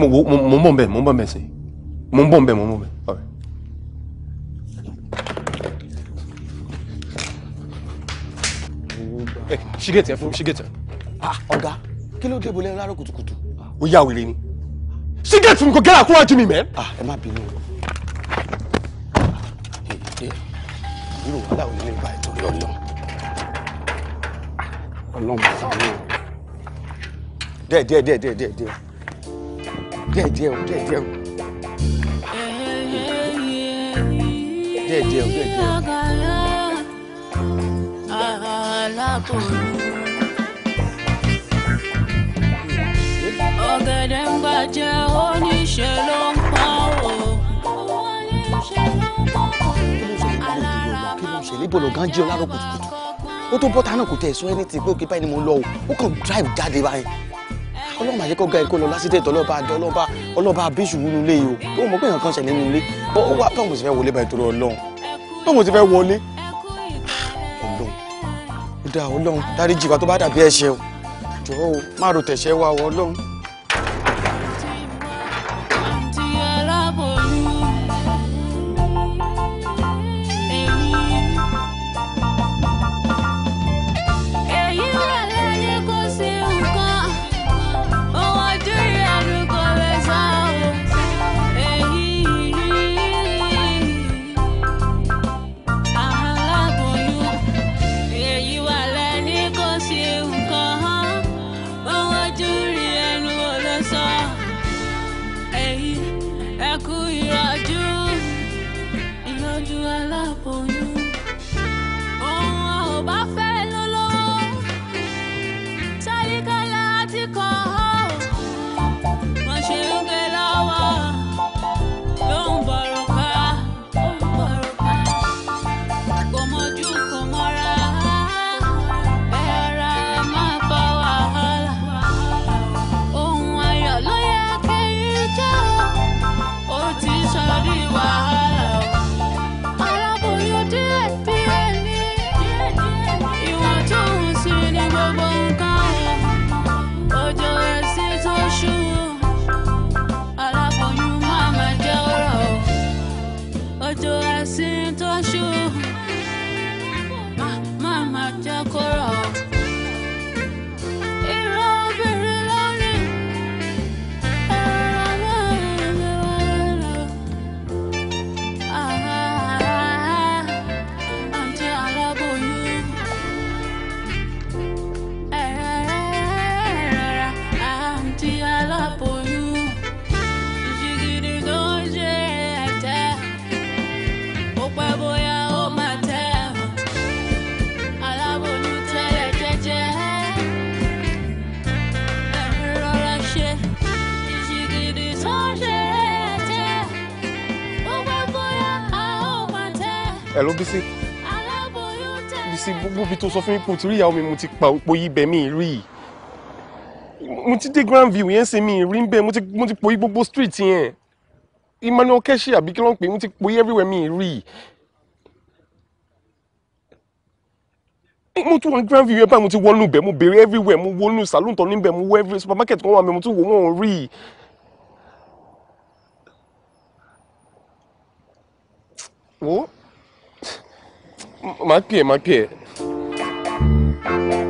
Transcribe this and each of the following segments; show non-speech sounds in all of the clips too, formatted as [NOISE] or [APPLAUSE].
mon wo mo ń bọ̀ nbẹ̀ mo ń bọ̀ nbẹ̀ sí mo ń bọ̀ nbẹ̀ mo ń bọ̀ nbẹ̀ ọ̀rẹ́. ṣí gèètì ẹ fún ṣí gèètì ẹ. Ah, ọ̀gá kí ló dé bolẹ́ láàárọ̀ kùtùkùtù. ó yà wèrè ni ṣí gèètì mi kò gẹ́rà kúrò jù mí mẹ́. Ah, ẹ má bínú o. irú wàhálà ò ní lè ba ìtòrí ọlọ́run. ọlọ́run sàánú. díẹ̀ díẹ̀ díẹ̀ díẹ̀ díẹ̀ díẹ̀díẹ̀ o díẹ̀díẹ̀ o díẹ̀díẹ̀ o díẹ̀díẹ̀ o. ọ̀gẹ̀dẹ̀ ń bàjẹ́ oníṣẹ́ ló ń pa o. níbo ló gan jí ọ láàárọ̀ ó tó bọ́ta náà kò tẹ̀ sọ ẹni tí pé òkè báyìí ni mo lọ o ó kàn drive jáde báyìí ọlọ́run àyẹ́kọ́ ga ẹ̀kọ́ lọ lásìtẹ̀ tó ọlọ́ba àdó ọlọ́ba ọlọ́ba abéṣù wúlú ilé yìí o ó mọ̀ pé nǹkan kan ṣẹlẹ̀ nínú ilé ó wá báwo mo ti fẹ́ wọlé báyìí torí ọlọ́run báwo mo ti fẹ́ wọlé ọlọ́run ó dáa ọlọ́run dáríjì wa tó bá dàbí ẹ̀ṣẹ̀ o jọ̀ọ́ o má ro wa o sọ fún mi pé o ti rí ìyàwó mi mo ti pa òpó yìí bẹ́ẹ̀ mi rí i mo ti dé grand view yẹn ṣe mi rí ń bẹ́ẹ̀ mo ti po yí gbogbo street yẹn Emmanuel Keshi àbí kí ló ń pè mo ti po yí everywhere mi rí i mo tún wọn grand view yẹn báyìí mo ti wọnú bẹ́ẹ̀ mo béèrè everywhere mo wọnú saloon tó níbẹ̀ mo wọ every supermarket kan wà mẹ́ mo tún wọ wọn rí i. wo màá pè é màá pè é. Bye.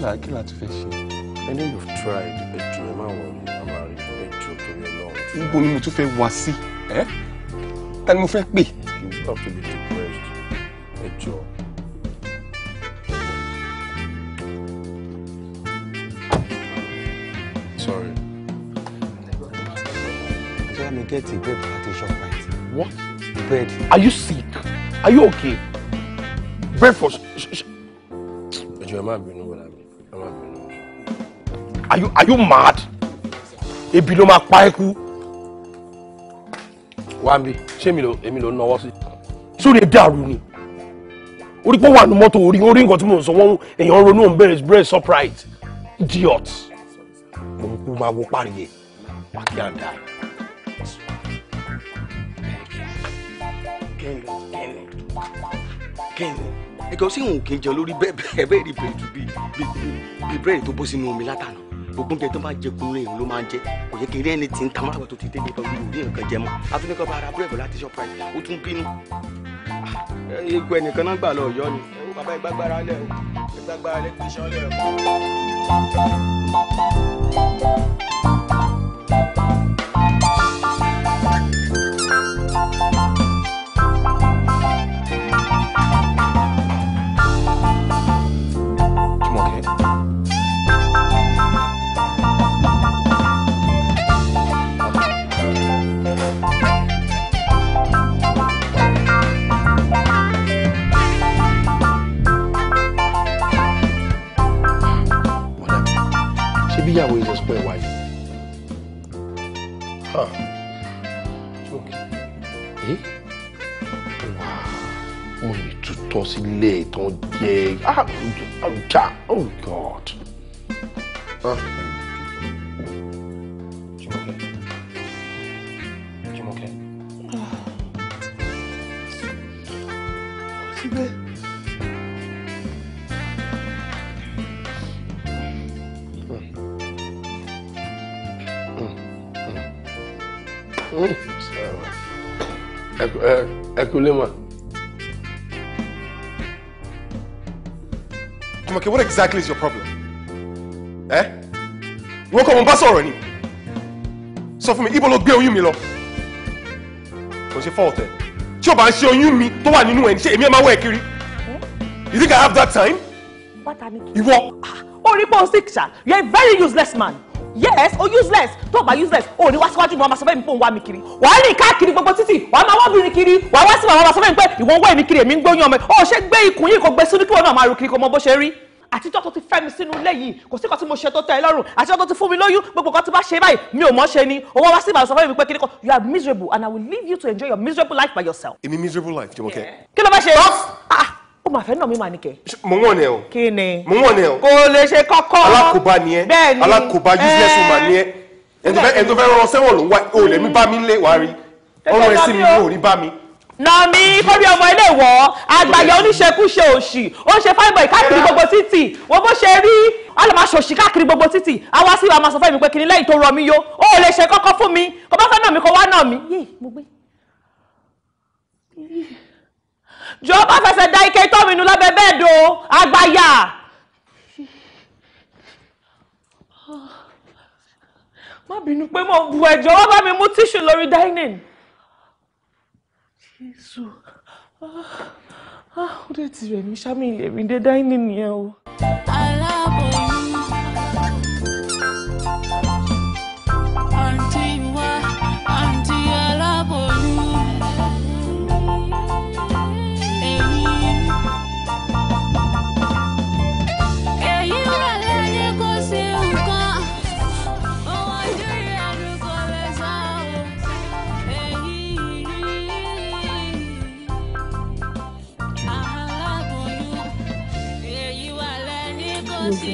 kílà kílà ti fẹ́ ṣe. I know you've tried ẹ̀jọ̀ ẹ̀ máa wọ̀nyí àmàrí ẹ̀jọ̀ torí ọlọ́run. níbo ni mo tún fẹ́ wá sí ẹ́ ta ni mo fẹ́ pè. you have to be depressed ẹ̀jọ̀. sorry. ṣé wàá mi gẹ́ẹ̀tì bread láti shoprite. what? bread. are you sick? are you okay? bread for. ẹ̀jọ̀ ẹ̀ máa bínú wọ̀lá mi. Are you are you mad ebi ló máa pa ẹ́ kú wá mi ṣé èmi ló náwó sí sórí dàrú ni orí pé wà ní mọ́tò orí orí nǹkan tí mo sọ wọ́n èèyàn ronú òun bẹ̀rẹ̀ bẹ̀rẹ̀ surprise idiot mo ń kú máa wo parí ẹ̀ wákì àdá ẹ̀. kẹ́ni kẹ́ni kẹ́ni ẹ̀kọ́ sí òun kì í jẹun lórí bẹ́ẹ̀ bẹ́ẹ̀ rí bẹ́ẹ̀ tó bí bírẹ́ẹ̀dì tó bó sínú omi látàná ogun jẹ tó bá jẹ kun rẹ máa jẹ kò yẹ kí ẹni tí ń ta mọ́ra tó ti délé tọ́ yóò nǹkan jẹ mọ́ afúnikọ́ bá ara búrẹ́dì láti ṣọ́pọ̀ ẹ̀ ó tún bínú. Ah, egbò ẹnìkan náà gbà lọ ọ̀yọ́ ni bàbá ìgbàgbára lẹ̀ ìgbàgbára lẹ̀ tẹ̀sán lẹ̀. Oh, you olè tutọ́ late on day. Ah, oh god. Ah, Jùmọ̀kẹ́ Jùmọ̀kẹ́. síbẹ̀. ẹ kú lé mọ̀. okay what exactly is your problem Eh? ìwọ kọ́ mo bá sọ̀rọ̀ ni sọ fún mi ibo ló gbé oyún mi lọ kò ṣe fọ́ọ̀tẹ̀ tí o bá ń ṣe oyún mi tó wà nínú ẹ̀ ṣe èmi ẹ̀ máa wọ̀ ẹ̀ kiri eh? you think I have that time ìwọ. Ah, orí pọ́n sick ṣá you are a very useless man yes o useless tó o bá useless o ò ní wá síwájú mi wàá máa sọ fẹ́ mi pé òun wá mi kiri wàá rìn káàkiri gbogbo títì wàá máa wábìrin kiri wàá wá sí wàá máa sọ fẹ́ mi pé ìwọ ń wá èmi kiri èmi ń gbóyún ọmọ ẹ o ṣe gbé ikùn yìí kò gbé sínú kí wọn náà máa ru kiri kò mọ bó ṣe rí àtijọ́ tó ti fẹ́ mi sínú ilé yìí kò sí kan tí mo ṣe tó tẹ́ ẹ lọ́rùn àtijọ́ tó ti fún mi lóyún gbogbo kan tí bá ṣe báyìí mi ò mọ̀ ṣe ni owó wá sí ìbàdàn sọ fún mi pé kíni kan you are miserable and I will leave you to enjoy your miserable life by yourself. èmi miserable life Jùmọ̀kẹ́. kí ló bá ṣe. Ah, ó máa fẹ́ nà mí màá ní kẹ́. mo wọ̀n ni ẹ o. kí ni. mo wọ̀n ni ẹ o. kò lè ṣe kọ́kọ́. alákòóbá ni ẹ. bẹ́ẹ̀ ni alákòóbá useless woman ni ẹ. ẹni tó fẹ́ rán sẹ́wọ̀n ló ń wá olè mi bá mi ń nọ̀mí kórí ọmọ ilé ìwọ̀ àgbàyà oníṣekúṣe òṣì ó ṣe fáìbọ̀ káàkiri gbogbo títì wo bó ṣe rí ọlọ́màṣọ̀ṣì káàkiri gbogbo títì àwa sì wà máa sọ fún mi pé kìnìún lẹ́yìn tó rọ mí yó ó lè ṣe kọ́kọ́ fún mi kó bá fẹ́ nà mí kó wá nà mí. jọ̀ọ́ bá fẹsẹ̀ da ike tó mi nu lábẹ́ bẹ́ẹ̀dì o àgbàyà. má bínú pé mo bu ẹ̀jọ̀ wá bá mi mú tíṣù lórí dining jésù ah, ah, ó dé ti rẹ̀ mí sámi ìlérí dé dáínì nìyẹn o. aláboyún.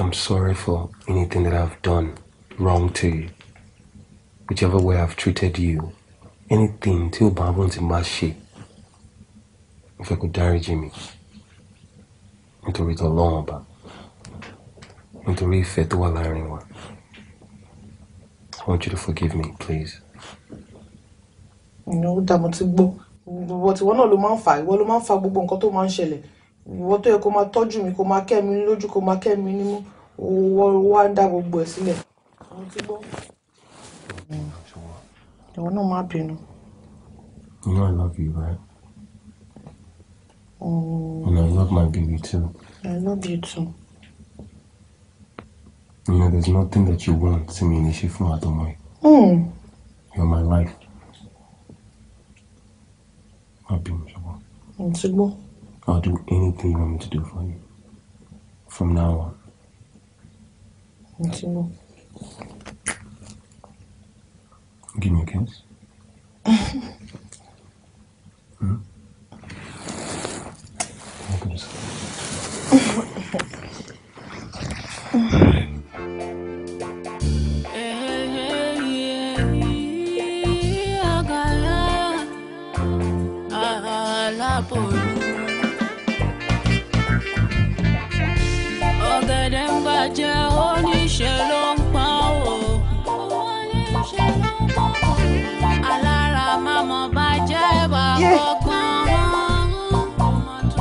I'm sorry for anything that I've done wrong to you. Whichever way I've treated you. Anything tí ò bá wọn ti máa ṣe. Mo fẹ́ kó dáríjì mi. Nítorí tọ́lọ́run ọba. Nítorí ìfẹ́ tó wà láàrin I want you to forgive me, please. No, dàmọ́ ti gbọ́. Gbogbo tiwọn náà ló máa ń fa ìwọ ló máa ń fa gbogbo nǹkan ìwọ tó yẹ kó máa tọ́jú mi kó máa kẹ́ mi lójú kó máa kẹ́ mi nímú owó wá ń dá gbogbo ẹ̀ sílẹ̀ ìwọ náà má bínú. You know I love you, right? Mm. And I love my baby too. I love you too. You know, there's nothing that you want to me in Ishifu Adomoi. Mm. You're my life. I'll be miserable. Mm, I'll do anything you want me to do for you. From now on. What's more, Give me a kiss. [LAUGHS] hmm?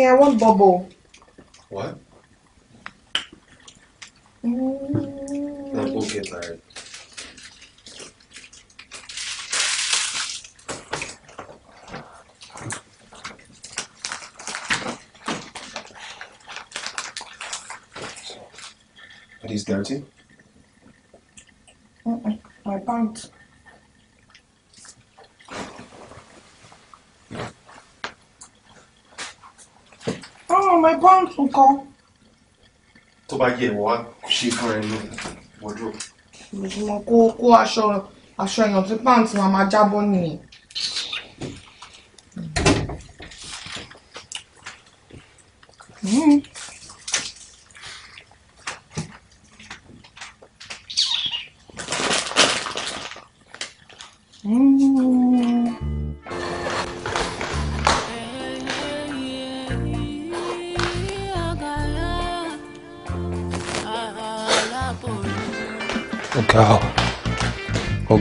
Mommy, I want bubble. What? Mm. No, we'll get Larry. But he's dirty? Mm -mm, I can't. bọ́ǹsù kan. tó bá yẹ wá ṣe fún ẹnu wọdúrò. mo kó kó aṣọ aṣọ èèyàn tí máa máa jábọ́ nìyẹn.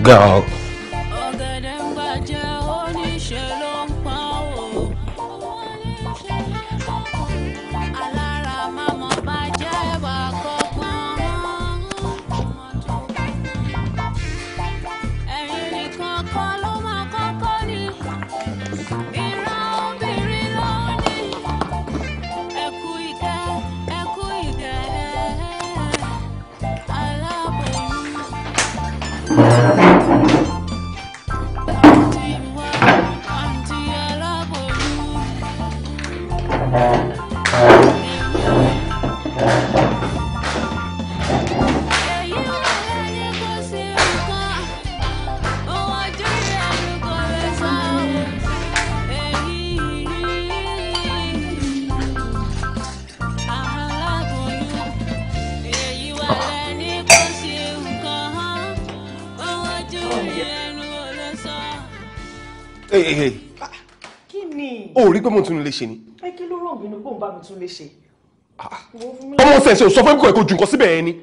go. [LAUGHS] Hey, hey, hey. Kí ni? O rí pé mo tún lè ṣe ni. Ẹ kí ló rọ̀ mí ni kó n bá mi tún lè ṣe. Ah, ah. Ọmọ sẹ̀sẹ̀ ò sọ fún ẹ̀kọ́ ẹ̀kọ́ jù nǹkan síbẹ̀ yẹn ni.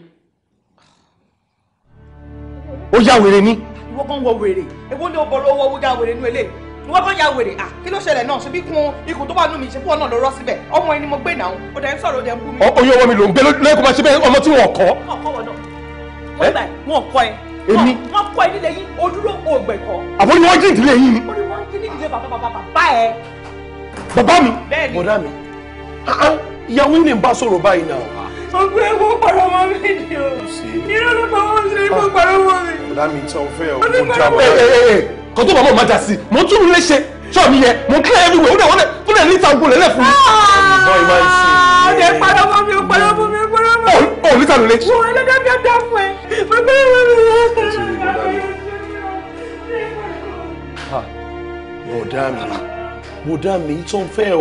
Ó yá wèrè ni. Ìwọ kan wọ wèrè. Èwo ni o bọ̀ lọ́wọ́ wọ́dà wèrè nú eléyìí? wọ́n kàn ya wèrè à ah, kí ló ṣẹlẹ̀ náà ṣe bí kun ikùn tó wà nù mí ṣe pọ̀ náà ló rọ́ síbẹ̀ ọmọ ẹni mo gbé náà ó dẹ̀ ń sọ̀rọ̀ ó dẹ̀ ń bú mi. oyún ọwọ́ mi ló ń gbé lẹ́kọ̀ọ́ máa ṣe bẹ́ẹ̀ ọmọ tí wọ́n kọ́. wọ́n kọ́ ẹ èmi. wọ́n kọ́ ẹ nílé yín ojúlọ ògbẹ̀ kọ́. àbórí wọn jí ìdílé yín ni. orí wọn jí ní ìdílé bàbá bàbá bàbá ẹ. bàbá mi. bẹ́ẹ̀ni bọ̀dá mi ah, ìyàwó yìí ni n bá sọ̀rọ̀ báyìí náà. ọgbẹ́ ẹ̀kọ́ pàrọ̀ mọ́ mi ni o. irọ́ ló pa wọ́n sí ẹ̀kọ́ pàrọ̀ mọ́ mi. bọ̀dá mi tán fẹ́ o. ó ní pàrọ̀ mọ́ mi kò tó bàbá òmájà sí mo tún nílé ṣe ṣọ́ mi yẹ mo clear everywhere ó dẹ̀ wọ́n dẹ̀ ó dẹ̀ níta ogun lẹ́lẹ̀ fún mi. ọ̀dẹ̀ ah! padà fún mi padà fún mi padà fún mi. ọ̀ níta lulẹ̀. wọ́n ẹlẹ́dẹ̀ bí ọ̀dà fún ẹ bàbá ìwé mi. bọ̀dá mi bọ̀dá mi tó ń fẹ́ o.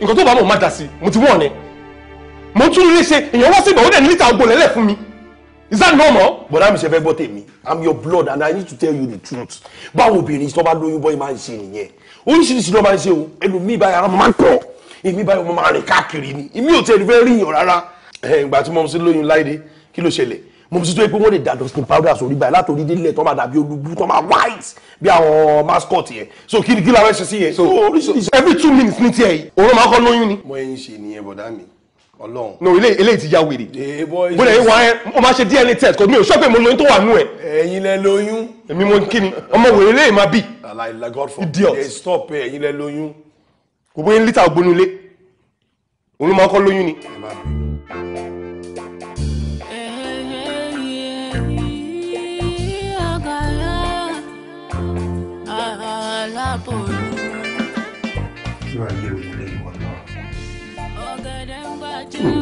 nǹkan tó bàbá òmájà sí mo ti wọ̀ ni mo tún nílé ṣe èèyàn wá sí ìgbà ó dẹ̀ níta ogun lẹ́lẹ̀ fún mi is that normal. bọ̀dá mi ṣe fẹ́ gbọ́ tèmi i'm your blood and i need to tell you the truth báwo obìnrin tí wọ́n bá lóyún bọ́yì máa ń ṣe nìyẹn oríṣiríṣi ló máa ń ṣe o ẹlòmíì báyìí ara máa ń pọ̀ èmi báyìí mo máa rìn káàkiri ni èmi ò tẹ̀lé fẹ́ rí yàn rárá. ìgbà tí mo sì lóyún láìdé kí ló ṣẹlẹ̀ mo sì tó yẹ pé wọ́n lè dà dustin powder sórí báyìí látòrí délẹ̀ tó máa dàbí olúbú tó máa white bí àwọn mascot yẹn so kí ni kí la fẹ́ so every two minutes ní tiẹ̀ yìí òun máa kọ́ lóyún ni. mo ẹyin ṣe nìyẹn bọ̀dá mi Ọlọ́run. no ilé ilé ti ya wèrè. mo lè wá ẹ mo máa ṣe DNA test kò mi ò sọ pé mo lóyún tó wà nù ẹ. ẹ̀yin lẹ lóyún. èmi mo kí ni ọmọ wèrè lè máa bì. alaila god for idiot. ẹ stop ẹ ẹ̀yin lẹ lóyún. kò bóyá lítà ògbónú ilé òun ló máa kọ́ lóyún ni. ẹ má kind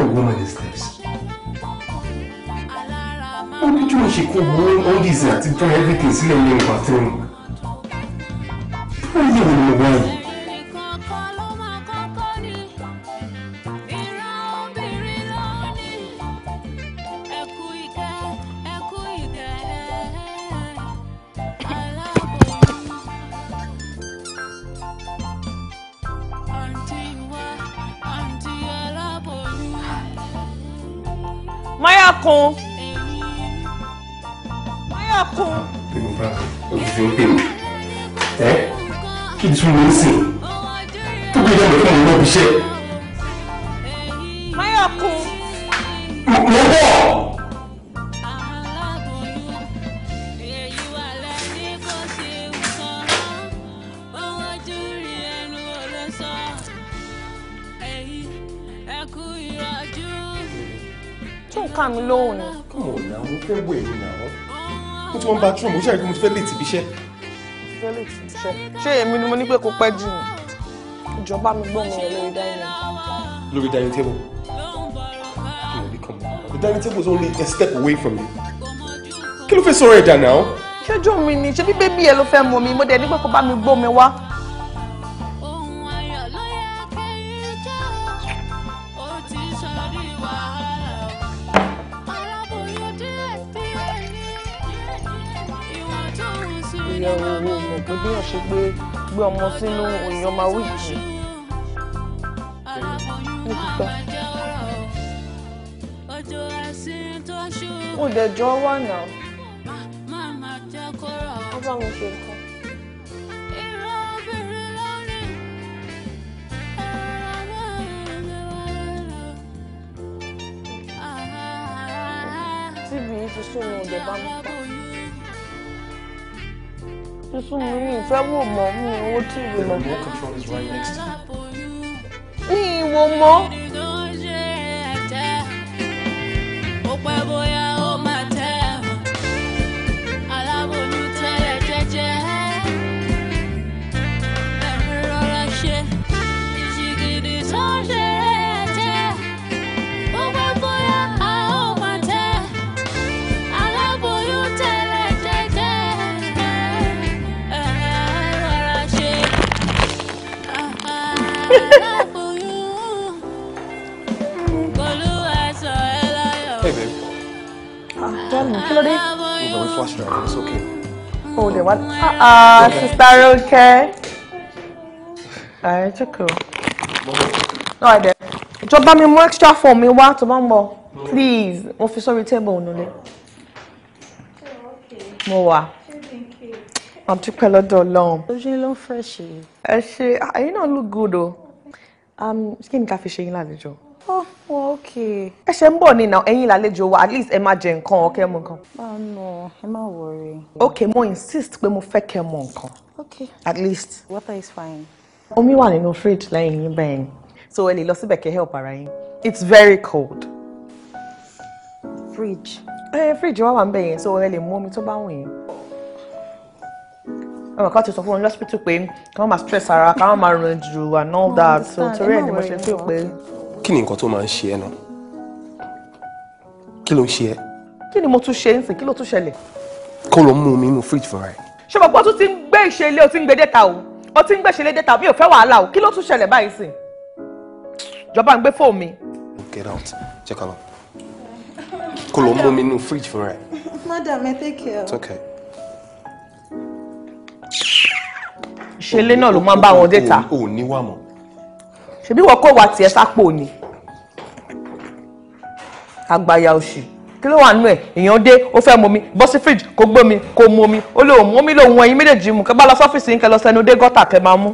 of woman is this? How did you know she could ruin all this and throw everything, still in your bathroom? are you even know why. bathroom ó ṣe àìkú mo ti fẹ́ lè ṣé èmi ni mo ní pé kó pẹ́ jù ìjọba mi gbọ́ mi lórí dining. lórí dining table the dining table is only a step away from you kí ló fẹ́ sọ̀rọ̀ ẹ̀dà náà. ṣojú mi ni ṣe bí bébí ẹ ló fẹ́ mọ mi mo dẹ̀ nígbà kó bá mi gbó mi wá. gbé ọmọ sínú òyìn ọmọ wíìkì ní pípẹ́. ó dẹ̀ jọ wà náà ó bá mi ṣe nǹkan. tíbi yìí ti sún mi ò bá mi pa sísun mi mi ìfẹ́ wò mọ́ mi ò tí ì rí mọ́. The remote control is right next to me. mi ì wò mọ́. kí ló dé. mo bẹ̀rẹ̀ it's okay. o dẹ̀ wá. sista Rónkẹ́. ẹ jókòó. náà dẹ̀ ìjọba mi mú extra form me, wá tó bá ń bọ̀ please mo fi sórí table nílé. mo wà a dúpẹ́ lọ́dọ̀ ọlọ́run. ojú ló ń fẹ́ ṣe. ẹ ṣe ah, ẹ̀yin náà look good Um, skin ká fi in yín lálejò oh ok. ẹ ṣe ń bọ̀ ni now ẹ̀yin làlejò wa at least ẹ máa jẹ nǹkan ọ̀kẹ́ mu nǹkan. máa ah, nù ẹ má wọrí. ok mo insist pé mo fẹ́ kẹ́ mọ nǹkan. ok at least. water is fine. omi wà nínú fridge lẹ́yìn yín bẹ́ẹ̀ ni so ẹ lè lọ síbẹ̀ kẹ́ help ara yín it's very cold. fridge. ẹ fridge wa wà ń bẹ̀ yẹn so ẹ lè mú omi tó bá wù yín ọmọ kan ti sọ fún wọn lọ́sibítù pé kí wọ́n máa stress ara kí wọ́n máa rìn jù and all that so torí ẹ̀ ni mo ṣe feel pé kí ni nǹkan tó máa ń ṣe ẹ náà kí ló ń ṣe ẹ. kí ni mo tún ṣe ń sìn kí ló tún ṣẹlẹ̀. kó lọ mú mi inú fridge fúnra ẹ. ṣé mo pọ́ tún ti ń gbé ìṣe ilé o ti ń gbé dẹ́ta o o ti ń gbé ìṣe ilé dẹ́ta mi ò fẹ́ wàhálà o kí ló tún ṣẹlẹ̀ báyìí sìn. ìjọba ń gbé fóònù mi. get out Check ká lọ kó lọ mú mi inú fridge fúnra ẹ. madam ẹ take care. it's okay. ìṣẹ̀lẹ̀ náà ló máa ń bá wọn dẹ́ta. o ò ní wà mọ́ ṣebí wọ́n kó wa tiẹ̀ sápò ni àgbàyà òṣì kí ló wà nù ẹ èèyàn dé ó fẹ́ momi bọ́ sí fridge kó gbómi kó mu omi ó lóun mú omi lòun ẹyin méjèèjì mu kẹ bá lọ sọ́fíìsì yín kẹ lọ sẹ́nu dé gọ́tà kẹ máa mú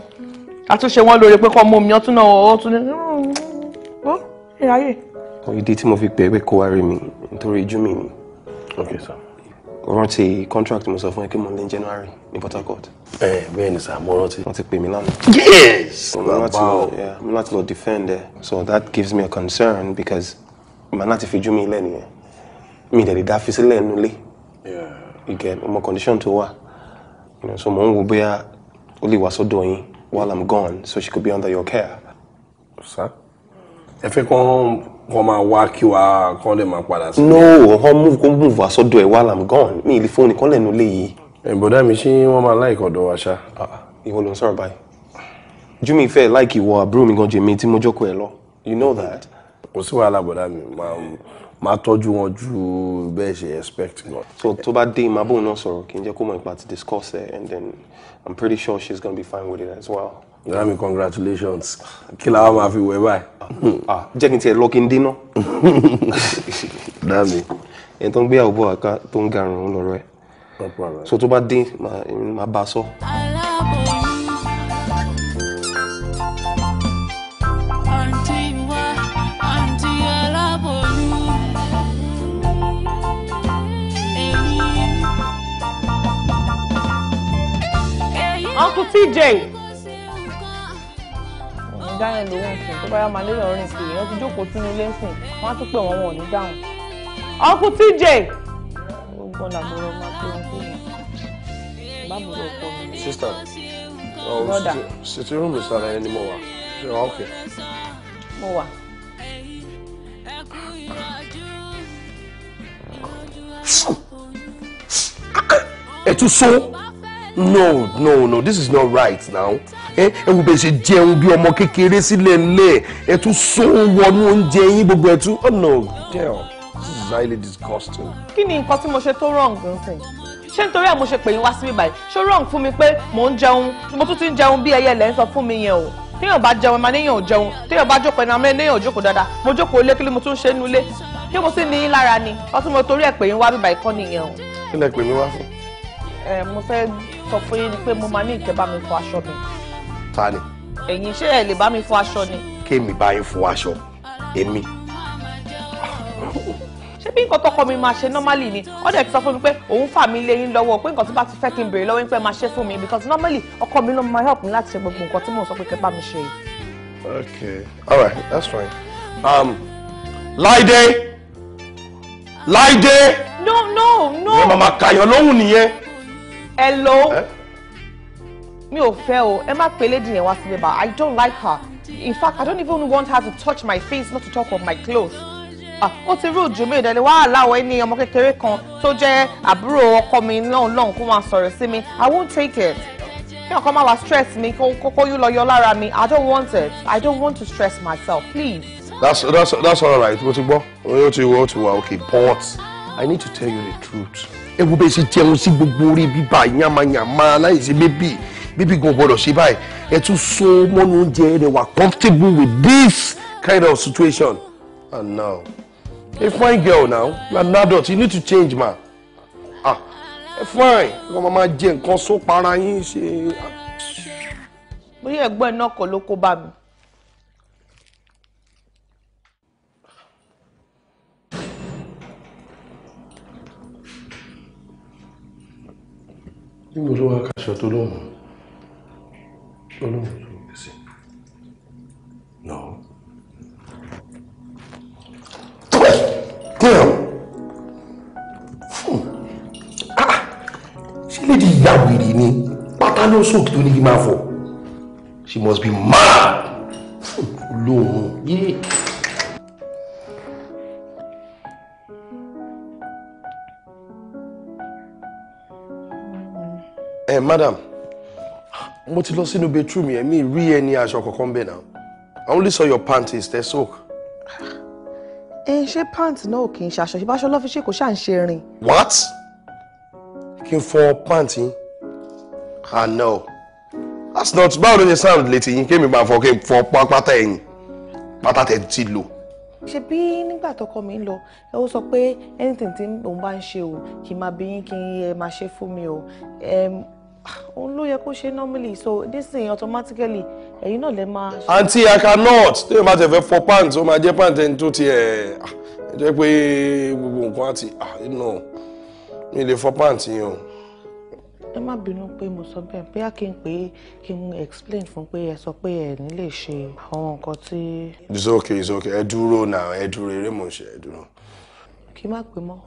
àtúnṣe wọn lórí pé kọ́ mú omi ọtún náà ó tún ní ó ìráyè. ìdí tí mo fi pè é pé kó wá rí mi nítorí ojú mi ni. okay sir rántí contract mo sọ fún ẹ pé mo ń lé ní January ní Port Harcourt. ẹ bẹ́ẹ̀ ni sà mo rántí. wọ́n ti pè mí lánàá. yes wow I'm not to defend ẹ so that gives me a concern because màá láti fi jú mi ilẹ̀ nìyẹn mi ìdẹ̀lẹ̀ dá fi sílẹ̀ nulẹ̀ ìgẹ̀ ọmọ condition tó wà so mo ń wo bóyá ó lè wá sọ́dọ̀ yín while I'm gone so she could be under your care. sir ẹ fẹ́ kàn kàn máa wá kí wa kàn lè máa padà sí. no kàn move kàn move wá sọ́dọ̀ ẹ̀ while I'm gone mi ìlú fóònù kàn lẹ́nu lé yìí. ìbọ̀dá mi ṣé wọ́n máa láì kọ̀dọ̀ wa ṣá. Ah, ah, ìwọ ló ń sọ̀rọ̀ báyìí júmi ìfẹ́ láìkì wọ àbúrò mi gan jèmi tí mo jókòó ẹ lọ you know that. kò sí wàhálà bọ̀dá mi máa tọ́jú wọn ju bẹ́ẹ̀ ṣe expect gan. so tó bá dé ìmọ̀ abóhùn náà sọ̀rọ̀ kì í jẹ́ kó mọ̀ ipa discuss it and then I'm pretty sure she's gonna be fine with it as well. Grammy congratulations. Kila la wá máa fi wẹ̀ báyìí. Ah, ah, jẹ́ kí n tiẹ̀ lọ kí n dín ná. Dami. Ẹni tó ń gbéyàwó bọ̀ àká tó ń garun ń lọ́rọ̀ ẹ̀. So tó bá dín máa bá a sọ. Uncle TJ dá yẹn lóhùn sùn tó bá yá malaria rìn kiri wọ́n ti jókòó tún nílé sùn wọ́n á tún pè wọ́n wọn ò ní dáhùn. uncle TJ. ó gbọ́n làbúrò máa tó ń kó wọn. bábùrò ọkọ mi. sista ọ̀hún sitting room is not there anymore ṣe wà okay. mo wà. ẹ so no no no this is not right now ẹ wù bẹ́ẹ̀ ṣe jẹun bí ọmọ kékeré sílẹ̀ ńlẹ̀ ẹ tún sún wọnú oúnjẹ yín gbogbo ẹ tún oh no damn this is highly disgusting. kí ni nǹkan tí mo ṣe tó wrong nǹkan ṣé nítorí ẹ mo ṣe pè yín wá síbí báyìí ṣó wrong fún mi pé mò ń jẹun mo tún ti ń jẹun bí ẹyẹ lẹ ń sọ fún mi yẹn o téèyàn bá jẹun ẹ̀ma néèyàn ò jẹun téèyàn bá jókòó ẹ̀nà amẹ́ néèyàn ò jókòó dáadáa mo jókòó ilé kí ló mo tún ṣe nulẹ̀ ṣé mo sì ní í lára ni ọtún mo torí ẹ̀ pè yín wá bíbá ikọ́ nìyẹn o. kí lẹ pè mí wá fún. ẹ mo fẹ́ sọ fún yín ni pé mo máa ní ìkẹ́ mi fọ aṣọ mi ta ni. ẹ̀yin ṣé ẹ lè bá mi fọ aṣọ ni. kémi bá yín fọ aṣọ èmi. ṣé bí nǹkan tọkọ mi máa ṣe normally ni ó dẹ̀ ti sọ fún mi pé òun fà mí lé yín lọ́wọ́ pé nǹkan tí bá ti fẹ́ kí n béèrè lọ́wọ́ yín pé máa ṣe fún mi because normally ọkọ mi ló máa help mi láti ṣe gbogbo nǹkan tí mò ń sọ pé kẹ́ bá mi ṣe yìí. okay all right that's fine. Um, Láìdé Láìdé. no no no. ìyẹn màmá kàyọ̀ lóhùn nìyẹn. hello. Eh? mi ò fẹ́ o ẹ má pe lady yẹn wá sí mi bá i don't like her in fact i don't even want her to touch my face not to talk of my clothes ah ó ti rí òjò mi ò dẹni wàá láwọ ẹni ọmọ kékeré kan tó jẹ́ àbúrò ọkọ mi náà náà kó máa sọ̀rọ̀ sí mi i won't take it kí ọkọ máa wá stress mi kókó yóò lọ yọ lára mi i don't want it i don't want to stress myself please. that's that's that's all right mo ti gbọ́ o ti wọ o ti wọ okay but i need to tell you the truth ewu bẹ́ẹ̀ ṣe jẹun sí gbogbo orí bíbá yàmàyàmà láì ṣe bébì bíbí gan gbọ́dọ̀ ṣe báyìí ẹ tún so mọ́nú oúnjẹ they were comfortable with this kind of situation and now a fine girl now na an adult you need to change ma ah fine wọn máa jẹ nǹkan só para yín ṣe. bóyá ẹ̀gbọ́n náà kọ́ ló kó bá mi. níbo ló wá kaṣọ tó lóhùn. Olóhùn ló ń gbèsè. No. Damn! Ah, she lady wèrè ni? Pátá ló sóòkì tó ní kí máa She must be mad! Olóhùn Yeah. Ẹ madam mo ti lọ sínú bedroom yẹn mi rí ẹni aṣọ kankan bẹ́ẹ̀ náà I only saw your panties they soak. ẹ eh, ṣé pant náà kì í ṣaṣọ ìbáṣọ lọ́fi kò ṣáà ṣe rin. what kí n fọ pant yín ah no that's not báwo ló ṣe sound létí yín kémi máa fọ kí n fọ pátá ẹ̀yìn pátá tẹ̀ ti lò. ṣe bí nígbà tọkọ mi ń lọ ẹ ó sọ pé anything tí òun bá ń ṣe o kì í máa bí yín kí ẹ máa ṣe fún mi o òun ló yẹ kó ṣe normally so nísìnyí automatically ẹ̀yin náà lè máa. àǹtí I cannot tí o bá tẹ̀ fẹ́ fọ pant o máa jẹ́ pant ẹni tó ti ẹ̀ ah, ẹ jẹ́ pé gbogbo nǹkan àti ah, no mi lè fọ pant yẹn o. ẹ má bínú pé mo sọ bẹ́ẹ̀ bóyá kí n pè é kí n explain fún pé ẹ sọ pé ẹ ní ṣe àwọn nǹkan tí. it's okay it's okay ẹ dúró náà ẹ dúró eré mò ń ṣe ẹ dúró. kí n má pè mọ́.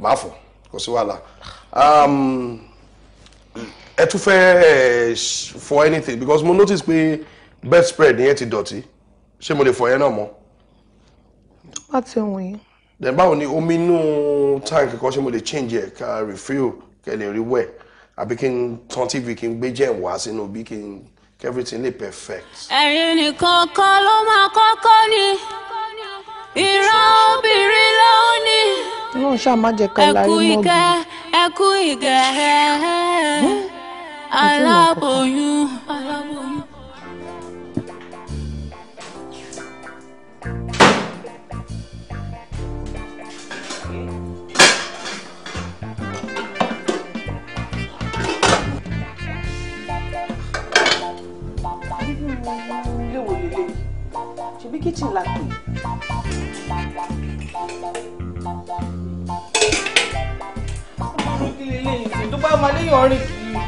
má fọ kò sí wàhálà. Um, ẹ tún fẹ́ for anything because mo notice pé bedspread yẹn ti dọ̀tí ṣé mo lè fọ yẹn náà mọ́. wá ti wọ̀n yìí. then báwo ni omi inú tank kan ṣé mo lè change ẹ̀ ká refill kẹ́ lè rí wẹ̀ àbí kí n tan tv kí n gbé jẹ́ wá sínú bí kí n everything lè perfect. ẹ̀rín nìkan kan ló máa kọ́kọ́ ni ìran obìnrin ló ní. ọlọ́run ṣáà má jẹ́ ká láyé mọ́ bí. ẹkú ìgẹ́ ẹkú ìgẹ́ aláboyún. ṣebí kitchen la pè. ọmọ mi kí lè léyìn sí tó bá máa léyìn ọrìn kì í.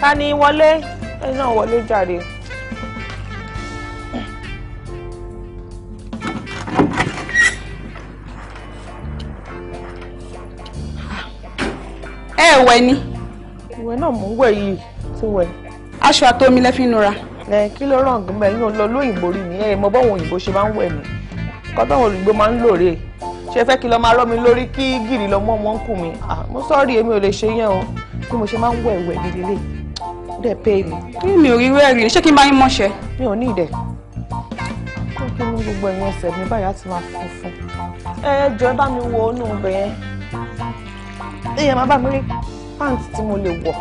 ta ni wọlé ẹni náà wọlé jàre. ẹ ẹ wẹ ni. ìwẹ̀ náà mò ń wẹ̀ yìí ti wẹ̀. aṣọ àtomi lẹ nura. ẹ kí ló ràn gbọmọ ẹ̀yin ò lọ rí ni ẹ mọ bọ́wọ̀n òyìnbó ṣe máa ń wẹ̀ ni kọ́ tọ́wọ̀n olùgbò máa ń lò rè é ṣe fẹ́ kí lọ máa rọ́ mi lórí kí gìrì lọ ọmọ ń kù mi mo sọ́ọ̀rì èmi ò lè ṣe yẹn o bí mo ṣe máa ń wẹ̀ wẹ̀ nílé dẹ̀ pay me. bí mi ò rí rẹ́ẹ̀rì ṣé kí n bá yín mọ̀ṣẹ́. mi ò ní ìdẹ̀ kí kí ní gbogbo ẹ̀yìn ẹsẹ̀ mi báyìí á máa funfun. ẹ jọ ẹ bá mi wo inú ibẹ̀ yẹn. èèyàn máa bá mi rí pant tí mo lè wọ̀.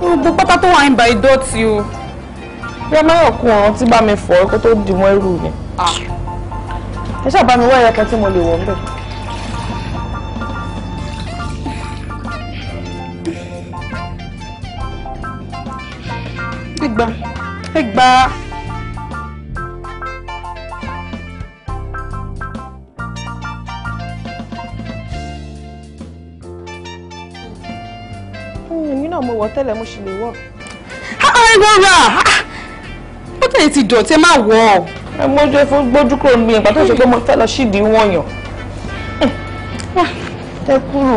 gbogbo pátá tó wà ń ba ìdọ̀tí o. bí ẹ máa yọ̀ kún bá mi fọ̀ ọ́ kó tó dì mọ́ ẹrù mi. Ah ẹ ṣáà bá mi wá ẹ̀rẹ́kẹ́ tí mo lè wọ̀ ń bẹ̀. ẹgbà ẹgbà. Hmm, èmi náà mo wọ̀ tẹ́lẹ̀ mo sì lè wọ̀. ẹ ah, gbọ́dọ̀ ah, ah, ó tẹ̀lé ti dọ̀tí ẹ má wọ̀ ọ́ ẹ mójú fún gbójú kúrò níbi ìpàtó ṣe pé mo fẹ́ lọ ṣídìí wọ̀nyàn ẹ kúrò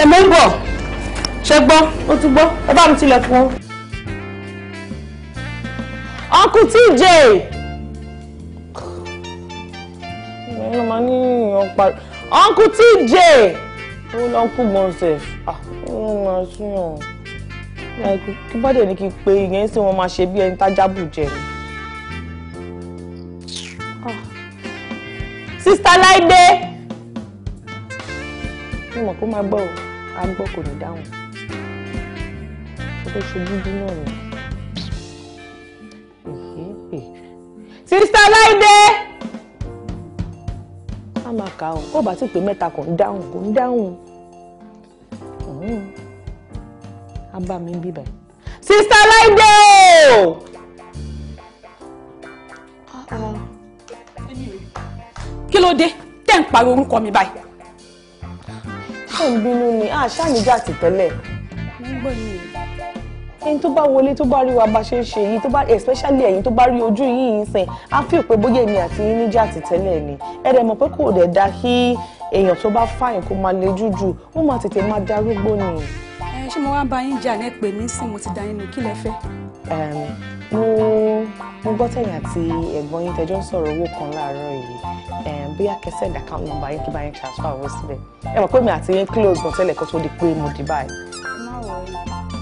ẹ mẹ́ ń bọ̀ ṣe gbọ́ ó ti gbọ́ ẹ bá mi tilẹ̀kùn o. Uncle TJ. ìyẹn ló máa ní ìyàn parí Uncle TJ. ó lọ́ọ́ kú gbọ́n sẹ̀ ah ó máa sún yàn kí bá dẹ̀ ní kí n pe ìyẹn sí wọn máa ṣe bí ẹni tájábù jẹ ni. Ah. sista Láìdé mo mọ̀ kó máa gbọ́ ọ á gbọ́ kò ní dáhùn ó ṣe dúdú náà ni. sista Láìdé á máa kà ó kó bá ti pè mẹ́ta kò ń dáhùn kò ń dáhùn. Hmm à ń bá mi ń bíbẹ̀. sista Láìdé o. kí ló dé tẹ́ ń pariwo orúkọ mi báyìí. ṣé ń bínú ni àṣà mi jà sí tẹ́lẹ̀. ẹni tó bá wọlé tó bá rí wa bá ṣe ń ṣe yìí tó bá especially ẹ̀yin tó bá rí ojú yìí ń sìn á fi òpè bóyá èmi àti yín níjà sí tẹ́lẹ̀ ni ẹ̀rẹ̀ mọ̀ pé kò dẹ̀ da kí èèyàn tó bá fàyìn kó máa le jújù ó máa tètè máa darúgbó ni ṣé mo wá bá yín jà ní ẹ̀pẹ̀ mi sí mo ti dá yín nù kí lẹ fẹ́. mo mo gbọ́ tẹ̀yìn àti ẹ̀gbọ́n yín tẹjọ́ ń sọ̀rọ̀ owó kan láàárọ̀ yìí bóyá kẹsẹ̀ ẹ̀dá account number yín kí bá yín transfer owó síbẹ̀ ẹ mọ̀ pé mi àti yín close gan tẹ́lẹ̀ kó tó di pé mo di báyìí.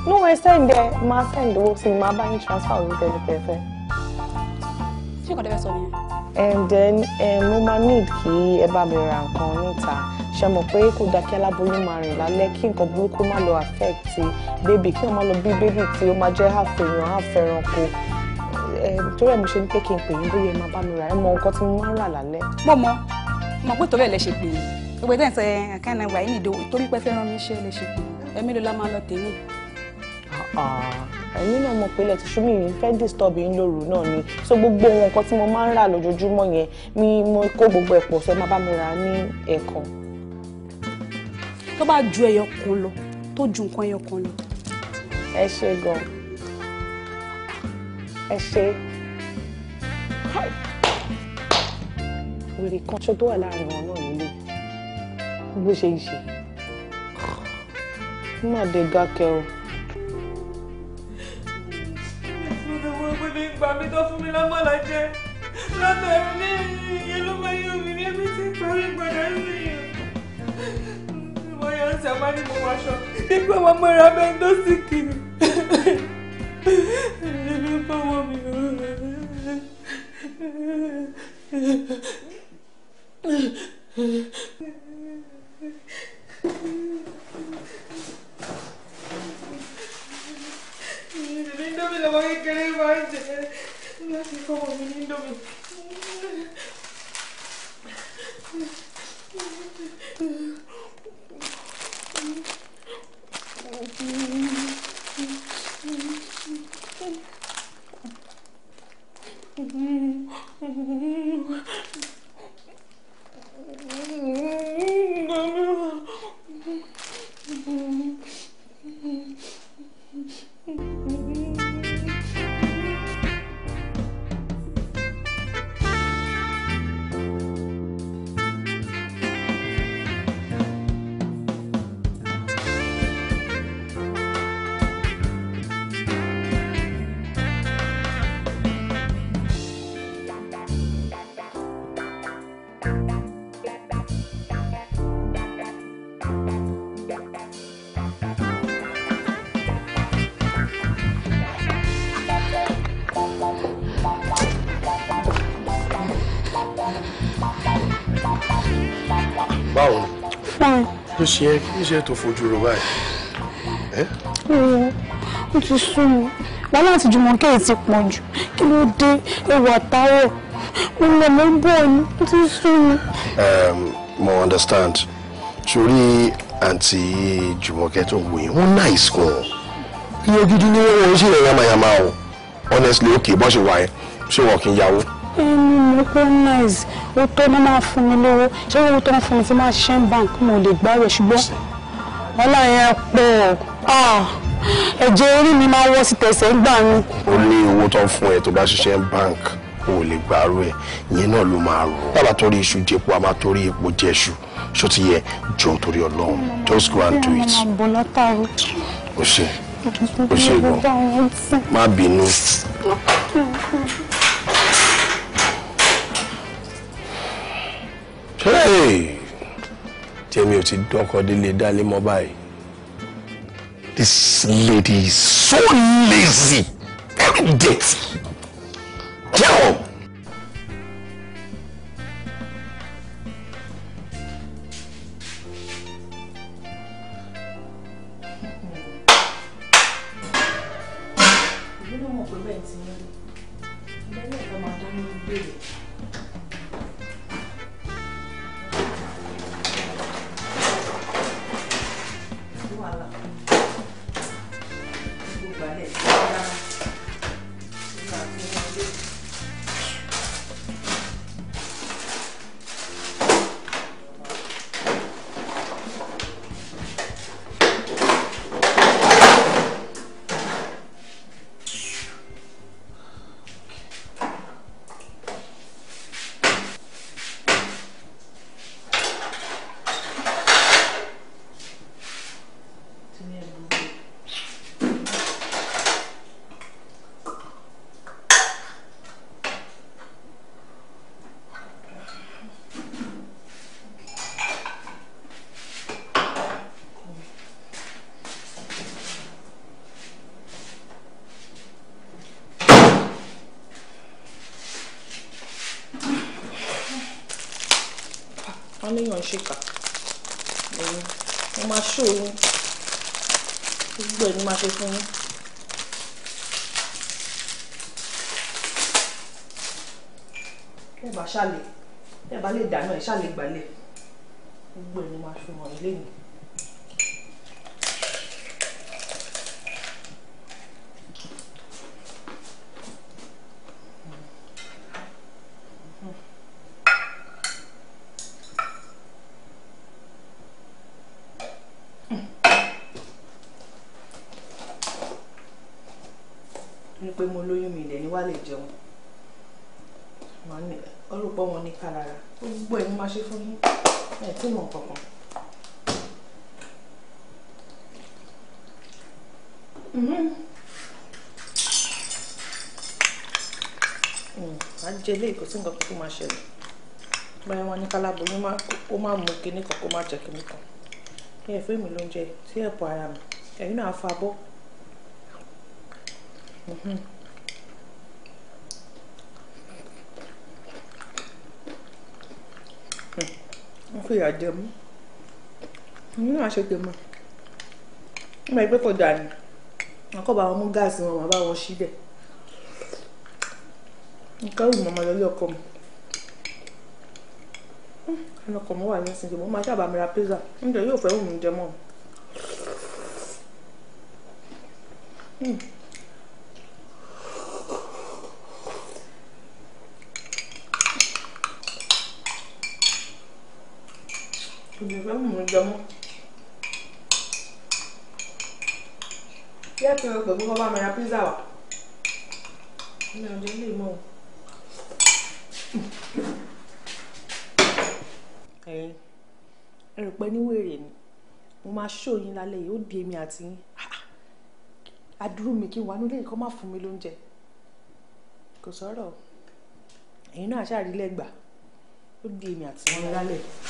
no way send ẹ máa send owó sí mi máa bá yín transfer owó tẹ́lẹ̀ fẹ́fẹ́ ṣé nǹkan fẹ́ sọ nìyẹn. and then eh, mo máa ní kí ẹ bá mi ra nǹkan níta ṣe mọ̀ pé kò dáa kí aláboyún máa rìn lálẹ́ kí nǹkan burúkú má lọ affect bébì kí wọ́n má lọ bí bébì tí ó máa jẹ́ half èèyàn half ẹranko eh, torí ẹ mo ṣe ní pé kí n pè yín bóyá ẹ máa bá mi ra ẹ mọ nǹkan tí mo máa ń rà lálẹ́. mo mọ mo pé torí ẹ lè ṣe pè é gbogbo ẹgbẹ́ ìṣe eh, àkànnà wà yìí nìdó torí pé fẹ́ràn mi ṣe lè ṣe pè é ẹ mélòó la máa lọ tèmi. Ah, ah èmi náà mọ̀ pé lẹ́tí ṣú mi yìí disturb yín lóru náà ni so gbogbo ohun nǹkan tí mo máa ń rà lójoojúmọ́ yẹn mi mo kó gbogbo ẹ̀pọ̀ sọ máa bá mi rà ní ẹ̀ẹ̀kan. tó bá ju ẹyọ kan lọ tó ju nǹkan ẹyọ kan lọ. ẹ ṣe gan ẹ ṣe wèrè kan ṣo tó wà láàrin wọn náà nílé bó ṣe ń ṣe má dé gákẹ́ o. lámàlà jẹ látàrí ní ìyẹn ló máa yọ mí ní ẹbí tí parí padà sí i tí wọ́n yọ sí àmà ní mo wọ aṣọ nígbà wọn mọ́ra bẹ́ẹ̀ tó sì kiri ẹ̀mí bá mi rò ṣe ẹ́ kí iṣẹ́ tó fojú ro báyìí. ó ti sún mi wàhálà àti Jùmọ̀kẹ́ ti pọ̀ jù kí ló dé ewu àtàwọ̀ mo lọ mọ́ bọ̀ ni ó ti sún mi. mo understand sórí àǹtí Jùmọ̀kẹ́ tó ń wò yín wọ́n nice gan iye gidi ni wọ́n wọ́n ṣe ìrẹ̀yàmàyàmà o honestly okay bó ṣe wà yẹn ṣé wọ́n kì í yàwó ẹni mi ó nice ó tó ní máa fún mi lówó ṣé owó tó ń fún mi ti máa ṣiṣẹ́ ń bank mo lè gbá rẹ̀ ṣùgbọ́n ọlá yẹn pọ̀ ah, ẹ̀jẹ̀ orí mi máa wọ́ sí tẹ̀sẹ̀ ń gbà mí. ó ní owó tó ń fún ẹ tó bá ṣiṣẹ́ ń bank o ò lè gbàrú ẹ ìyẹn náà ló máa rò bàbá torí iṣu jẹpo a máa torí epo jẹṣu ṣó ti yẹ jọ torí Ọlọ́run just go and do it. o ṣe o ṣe gan má bínú. tèmi ò ti dọ́kọ délé dálé mọ́ báyìí this lady is so lazy and dirty. Damn. Only on shaker. ṣáà lè eléyìí kò sí nǹkan tó máa ṣẹlẹ̀ báyìí wọn ní kálábóyún ó máa mú kinní kan kó má jẹ kinní kan ní ẹ̀fọ́ èmi ló ń jẹ sí ẹ̀pọ̀ ara mi ẹ̀yìn náà fa bọ́ mhm. hmm. wọ́n fìyà jẹ mí èmi náà ṣe tèmi wọ́n máa gbé kọjá ni wọ́n kọ́ bá wọn mú gáàsì wọn máa bá wọn ṣí bẹ́ẹ̀ nǹkan rù mọ́mọ́ lọ́lé ọkọ mi ẹnu ọkọ mi wà ní ìsìnkú mo máa sábà mìíràn pizza oúnjẹ yóò fẹ́ wù mí jẹ mọ́ hmm. oúnjẹ fẹ́ wù mí jẹ mọ́ yá kí n lọ pizza wà mi ò jẹ́ ẹ ẹ rò pé níwèrè ni mo máa ṣó yín lálẹ́ yìí ó di èmi àti yín àdúrú ah, ah, mi kí n wà nílé yìí kó má fún mi lóúnjẹ kò sọ̀rọ̀ ẹ̀yin náà ṣàrílẹ̀ gbà ó di èmi àti yín lálẹ́ yìí.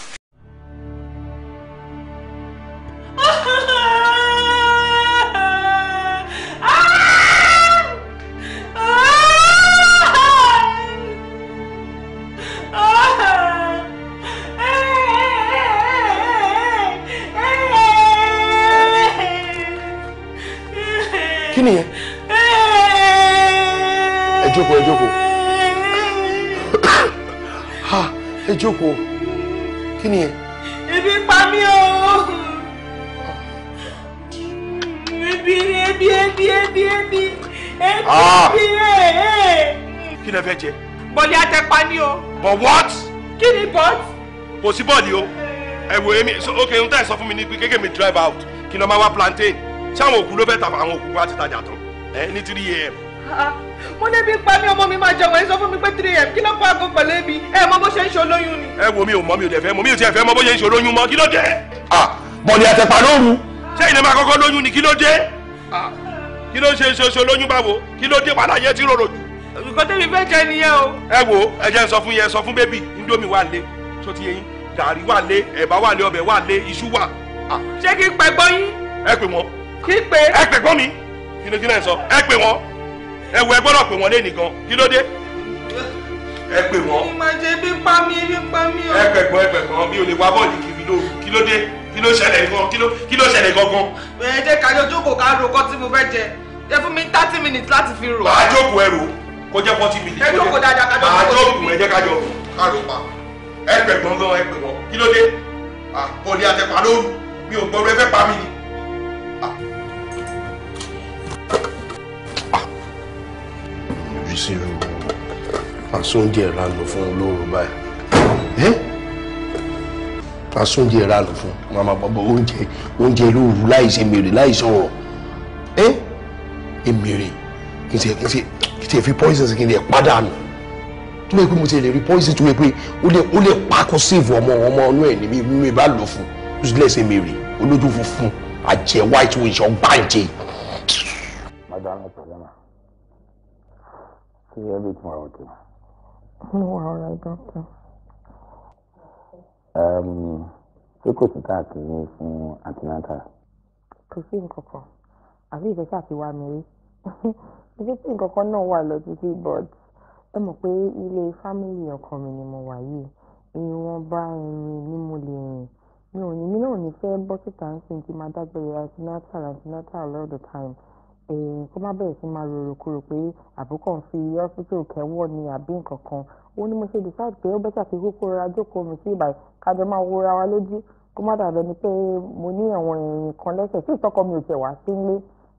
mi ní pé kékeré mi drive out kí n lọ máa wá plantain ṣé àwọn òkú ló fẹ́ tàbí àwọn òkú wa ti tajà tán ẹ ní three am. Ah, mo lébi pa mí ọmọ mi máa jẹun ẹ sọ fún mi pé three am kí ló pa aago pẹ̀lú ẹbí ẹ mọ bó ṣe ń ṣe olóyún ni. ẹ wo mi ò mọ mi ò dẹ̀ fẹ́ mọ mi ò tiẹ̀ fẹ́ mọ bó ṣe ń ṣe olóyún mọ kí ló dé. Ah, bọ̀dì àtẹ̀pà lóru. ṣé ìnáwó akọ́kọ́ lóyún ni kí ló dé ah. kí ló ṣe ṣoṣo lóyún báwo kí ló dé padà yẹn ti rọrọ jù. nǹkan tẹ́mi fẹ́ jẹ nìyẹn o. ẹ wo ẹ jẹ́ sọ fún yẹn sọ fún bébì indomie gàrí wà lé ẹ̀bà wà lé ọbẹ̀ wà lé iṣu wà. ṣé kí n pẹ gbọ́ yín. ẹ pè wọ́n. kí n pè. ẹ pè gbọ́ mi kìnnìkìnnì ẹ̀ sọ ẹ pè wọ́n ẹ wọ ẹ gbọ́dọ̀ pè wọ́n lé nìkan kí ló dé ẹ pè wọ́n. mo máa jẹ bí pa mí bí pa mí o. ẹ pẹ̀gbọ́n ẹ pẹ̀gbọ́n mi ò lè wá bọ́ọ̀lù kiri ló kí ló dé kí ló ṣẹlẹ̀ gan kí ló ṣẹlẹ̀ gangan. ẹ jẹ́ ká jọ jókòó ká ro ọkọ tí mo fẹ́ jẹ jẹ fún mi thirty minutes láti fi rò. màá jókòó ẹ rò kó jẹ́ forty minutes. ẹ jókòó dáadáa ká jọ jókòó. màá jókòó ẹ jẹ́ ká jọ rò ká rò pa ẹgbẹ̀gbọ̀n gan ẹgbẹ̀gbọ̀n kí ló dé àkọlé àtẹ̀pá lóru mi ò gbọ́dọ̀ ẹ fẹ́ pa mí ni. ojú sí ru asúndì ẹ̀ lánàá fún olóoru báyìí asúndì ẹ̀ lánàá fún màmá bàbá oúnjẹ oúnjẹ lóru láìsẹ̀ mèrè láìsẹ̀ ọ̀rọ̀ ẹ̀ èmèrè kìí ṣe kìí ṣe fi poison sí kìí ṣe padà nù tó yẹ pé mo ti lè rí poison tó yẹ pé ó lè pakọ save ọmọ ọmọ ọnú ẹ̀ níbi mi bá lò fún useless emery olójú funfun àjẹ white witch ọgbàǹjẹ. madam ọ̀pọ̀lọ́mà ṣé everything wà okay. mo wà ọ̀rọ̀ dọ́kítà. ṣé kò sí káàkiri fún antenatal. kò sí nǹkan kan àbí ìfẹsẹ̀ àti wàmí rí ibi [LAUGHS] tí nǹkan kan náà wà lọ títí but ẹ mọ̀ pé ilé fámìlì ọkọ mi ni mo wà yìí ìwọ̀nba ìrìn ni mo lè rìn mi ò ní mi náà ní fẹ́ bọ́ síta ń sìn kí máa dágbére antinatal antinatal all the time èèyàn kó má bẹ̀rẹ̀ sí máa rorò kúrò pé àbúkọ̀ ń fi hospital kẹ́wọ́ ni àbí nǹkan kan ó ní mo ṣe decide pé ó bẹ́tà kí kúkú rọra jókòó mi sí ìbàdàn kájọ máa wọra wa lójú kó má dàbẹ́ ni pé mo ní àwọn èèyàn kan lẹ́sẹ̀ tí ìtọ́kọ mi ò tẹ̀ wá sí ilé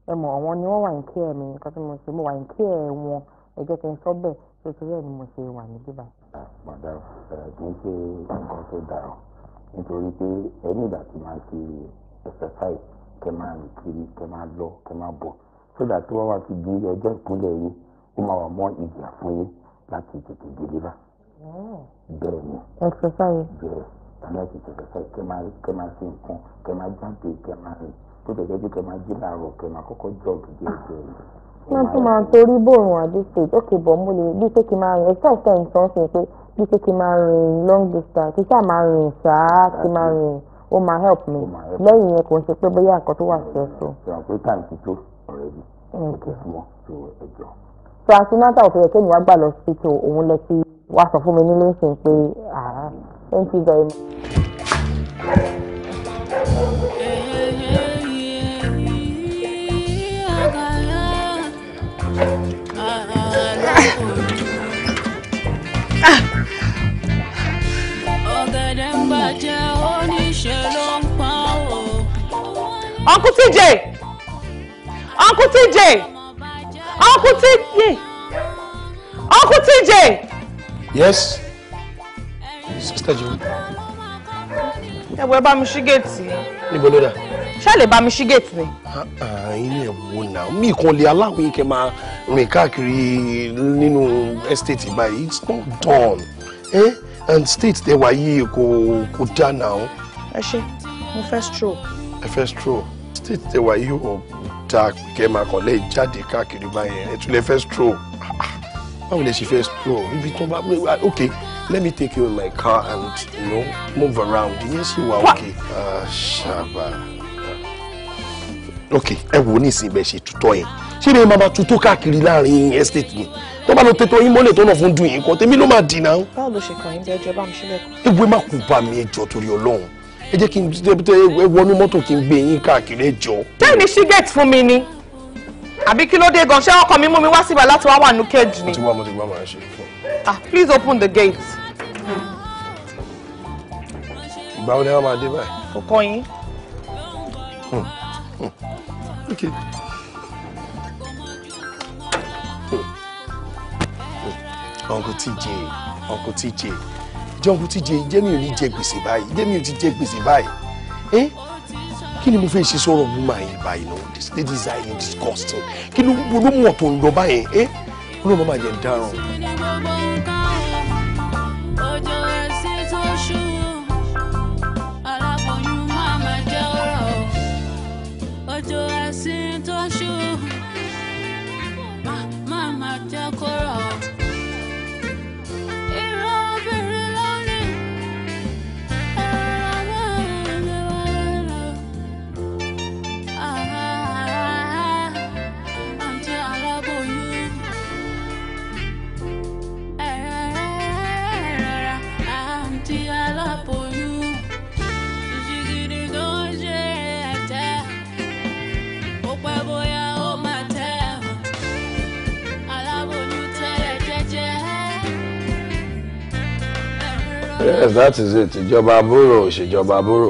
ẹ àwọn ni wọ́n wà ní kí ẹ̀ nǹkan tí mo ṣe mo wà ní kí ẹ̀ wọn ẹ jẹ́ bẹ́ẹ̀ ṣé torí ẹ̀ ni mo ṣe wà níbí báyìí. àpàdà ah, eh, kì í ṣe nǹkan tó dára nítorí pé ẹni ìgbà tí máa ṣe exercise kẹ máa rìn kiri kẹ máa lọ kẹ máa bọ̀ sódà tí wọ́n wá ti di ọjọ́ ìpínlẹ̀ yìí ó máa wà mọ́ ìjà fún yín láti tètè délé bá. Hmm. bẹ́ẹ̀ ni exercise bẹ́ẹ̀ tàbí ti exercise kẹ máa kẹ máa ṣe nǹkan kẹ máa jáde kẹ máa rìn tó tẹ̀lé bí kẹ máa jí láàárọ̀ kẹ máa kọ́kọ́ jọ̀ọ̀gì díẹ̀ díẹ̀ máa tún máa torí bòrùn àbí stage ok bọ̀ mo lè pé kí n máa rìn except ten sọ sí pé bí pé kí n máa rìn long distance kí sáà máa rìn sáà kí n máa rìn ó máa help me lẹ́yìn yẹn kò ń ṣe pé bóyá nǹkan tó wà ṣe àpò time ti tó mm-hmm. òfin ẹ̀kẹ́ mi gbà lọ sí tó òun lẹ ti wá sọ fún mi nílé ń pé ah, thank you very much. Uncle TJ Uncle TJ Uncle TJ Uncle TJ. Yes. Sister Jim. Ẹ wọ ẹ bá mi ṣí géètì. Níbo ló dà? ṣàlè bá mi ṣí gate ni. inú ẹ̀ wo náà mi kan lè aláwọ̀ yìí kẹ́ máa rìn káàkiri nínú estate báyìí it's not done eh? and state tẹ wá yìí kò kò dá náà ẹ ṣe mo fẹ́ stroll. ẹ fẹ́ stroll state tẹ wá yìí ò dáa kẹ́ máa kàn lẹ́yìn jáde káàkiri báyẹn ẹ tún lè fẹ́ stroll báwo lè ṣe fẹ́ stroll ibi tó bá gbé okay let me take you in my car and you know move around ìyẹn sì wà okay. Ah, ṣàbà okay ẹ wò ní ìsìn ibẹ̀ ṣe tutọ́ yẹn ṣé ni màmá tutọ́ káàkiri láàrin estate yẹn tó bá lọ tẹ́tọ́ yín mọ́lẹ̀ tó náà fún dùn yín kan tèmi ló máa dì náà. báwo ló ṣe kàn yín bí ẹjọ́ bá mi ṣe bẹ́ẹ̀ kọ́. ewu ẹ má kú bá mi ẹjọ́ torí ọlọ́run ẹ jẹ́ kí n wọnú mọ́tò kí n gbé yín káàkiri ẹ bẹ́ẹ̀ ni ṣígẹ̀t fún mi ni àbí kí ló dé gan ṣé ọkọ mi mú mi wá síbà láti wá wà ní kejì ni. mo ti wá mo ti wá màá ṣe. ah please open the gate. ìgbà wo ni wọn máa dé báyìí. kò kọ́ yín. Hmm, hmm. okay. Hmm, Uncle TJ, Uncle jọ̀ǹkù ti jẹ jẹ́mi ò ní jẹ gbèsè báyìí jẹ́mi ò ti jẹ gbèsè báyìí ẹ́ eh? kí ni mo fẹ́ ṣe sọ̀rọ̀ mú màá yìí báyìí náà this lady is highly disgusting kí ló ló mú ọ̀tọ̀ ń lọ báyìí ẹ́ ọlọ́run má má jẹ́ ń dáràn. ọjọ́ yes that is it ìjọba àbúrò ìṣèjọba àbúrò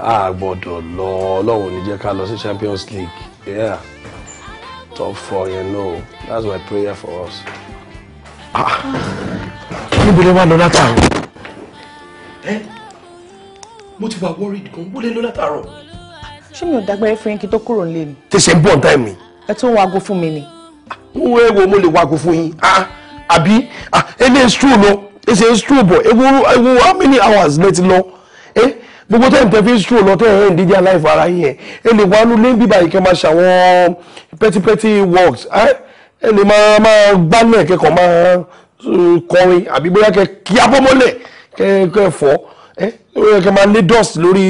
a gbọ́dọ̀ lọ Ọlọ́run ní jẹ́ ká lọ sí Champions League yeah top four yẹn no that's my prayer for us. Ah. níbi ló wá lọ látàárọ̀. ẹ mo ti wà worried gan bó lè lọ látàárọ̀. ṣé mi ò dágbére fún yín kí n tó kúrò nílé ni. tẹsẹ̀ ń bọ̀ ní táìmù. ẹ tó ń wago fún mi ni. Ah, mo wẹ́ẹ́ wo mo lè wago fún yín ah, àbí eléyìí sùn lọ. It's a stroll bọ̀ ewu how many hours lẹ ti lọ ẹ eh? gbogbo tẹ́ ǹtẹ́ fi ń stroll lọ tẹ́ ẹ̀ ń dídí aláìfọ ara yín ẹ̀ ẹ lè wá nulẹ̀ bíbá yìí kẹ́ máa ṣàwọn pẹ́típẹ́tí works eh? ẹ lè máa máa gbálẹ̀ kẹ́kọ̀ọ́ máa eh, kọrin àbí bóyá kẹ́ kí abọ́mọ́lẹ̀ kẹ́ fọ́ ẹ ó yẹ kẹ máa lé dust lórí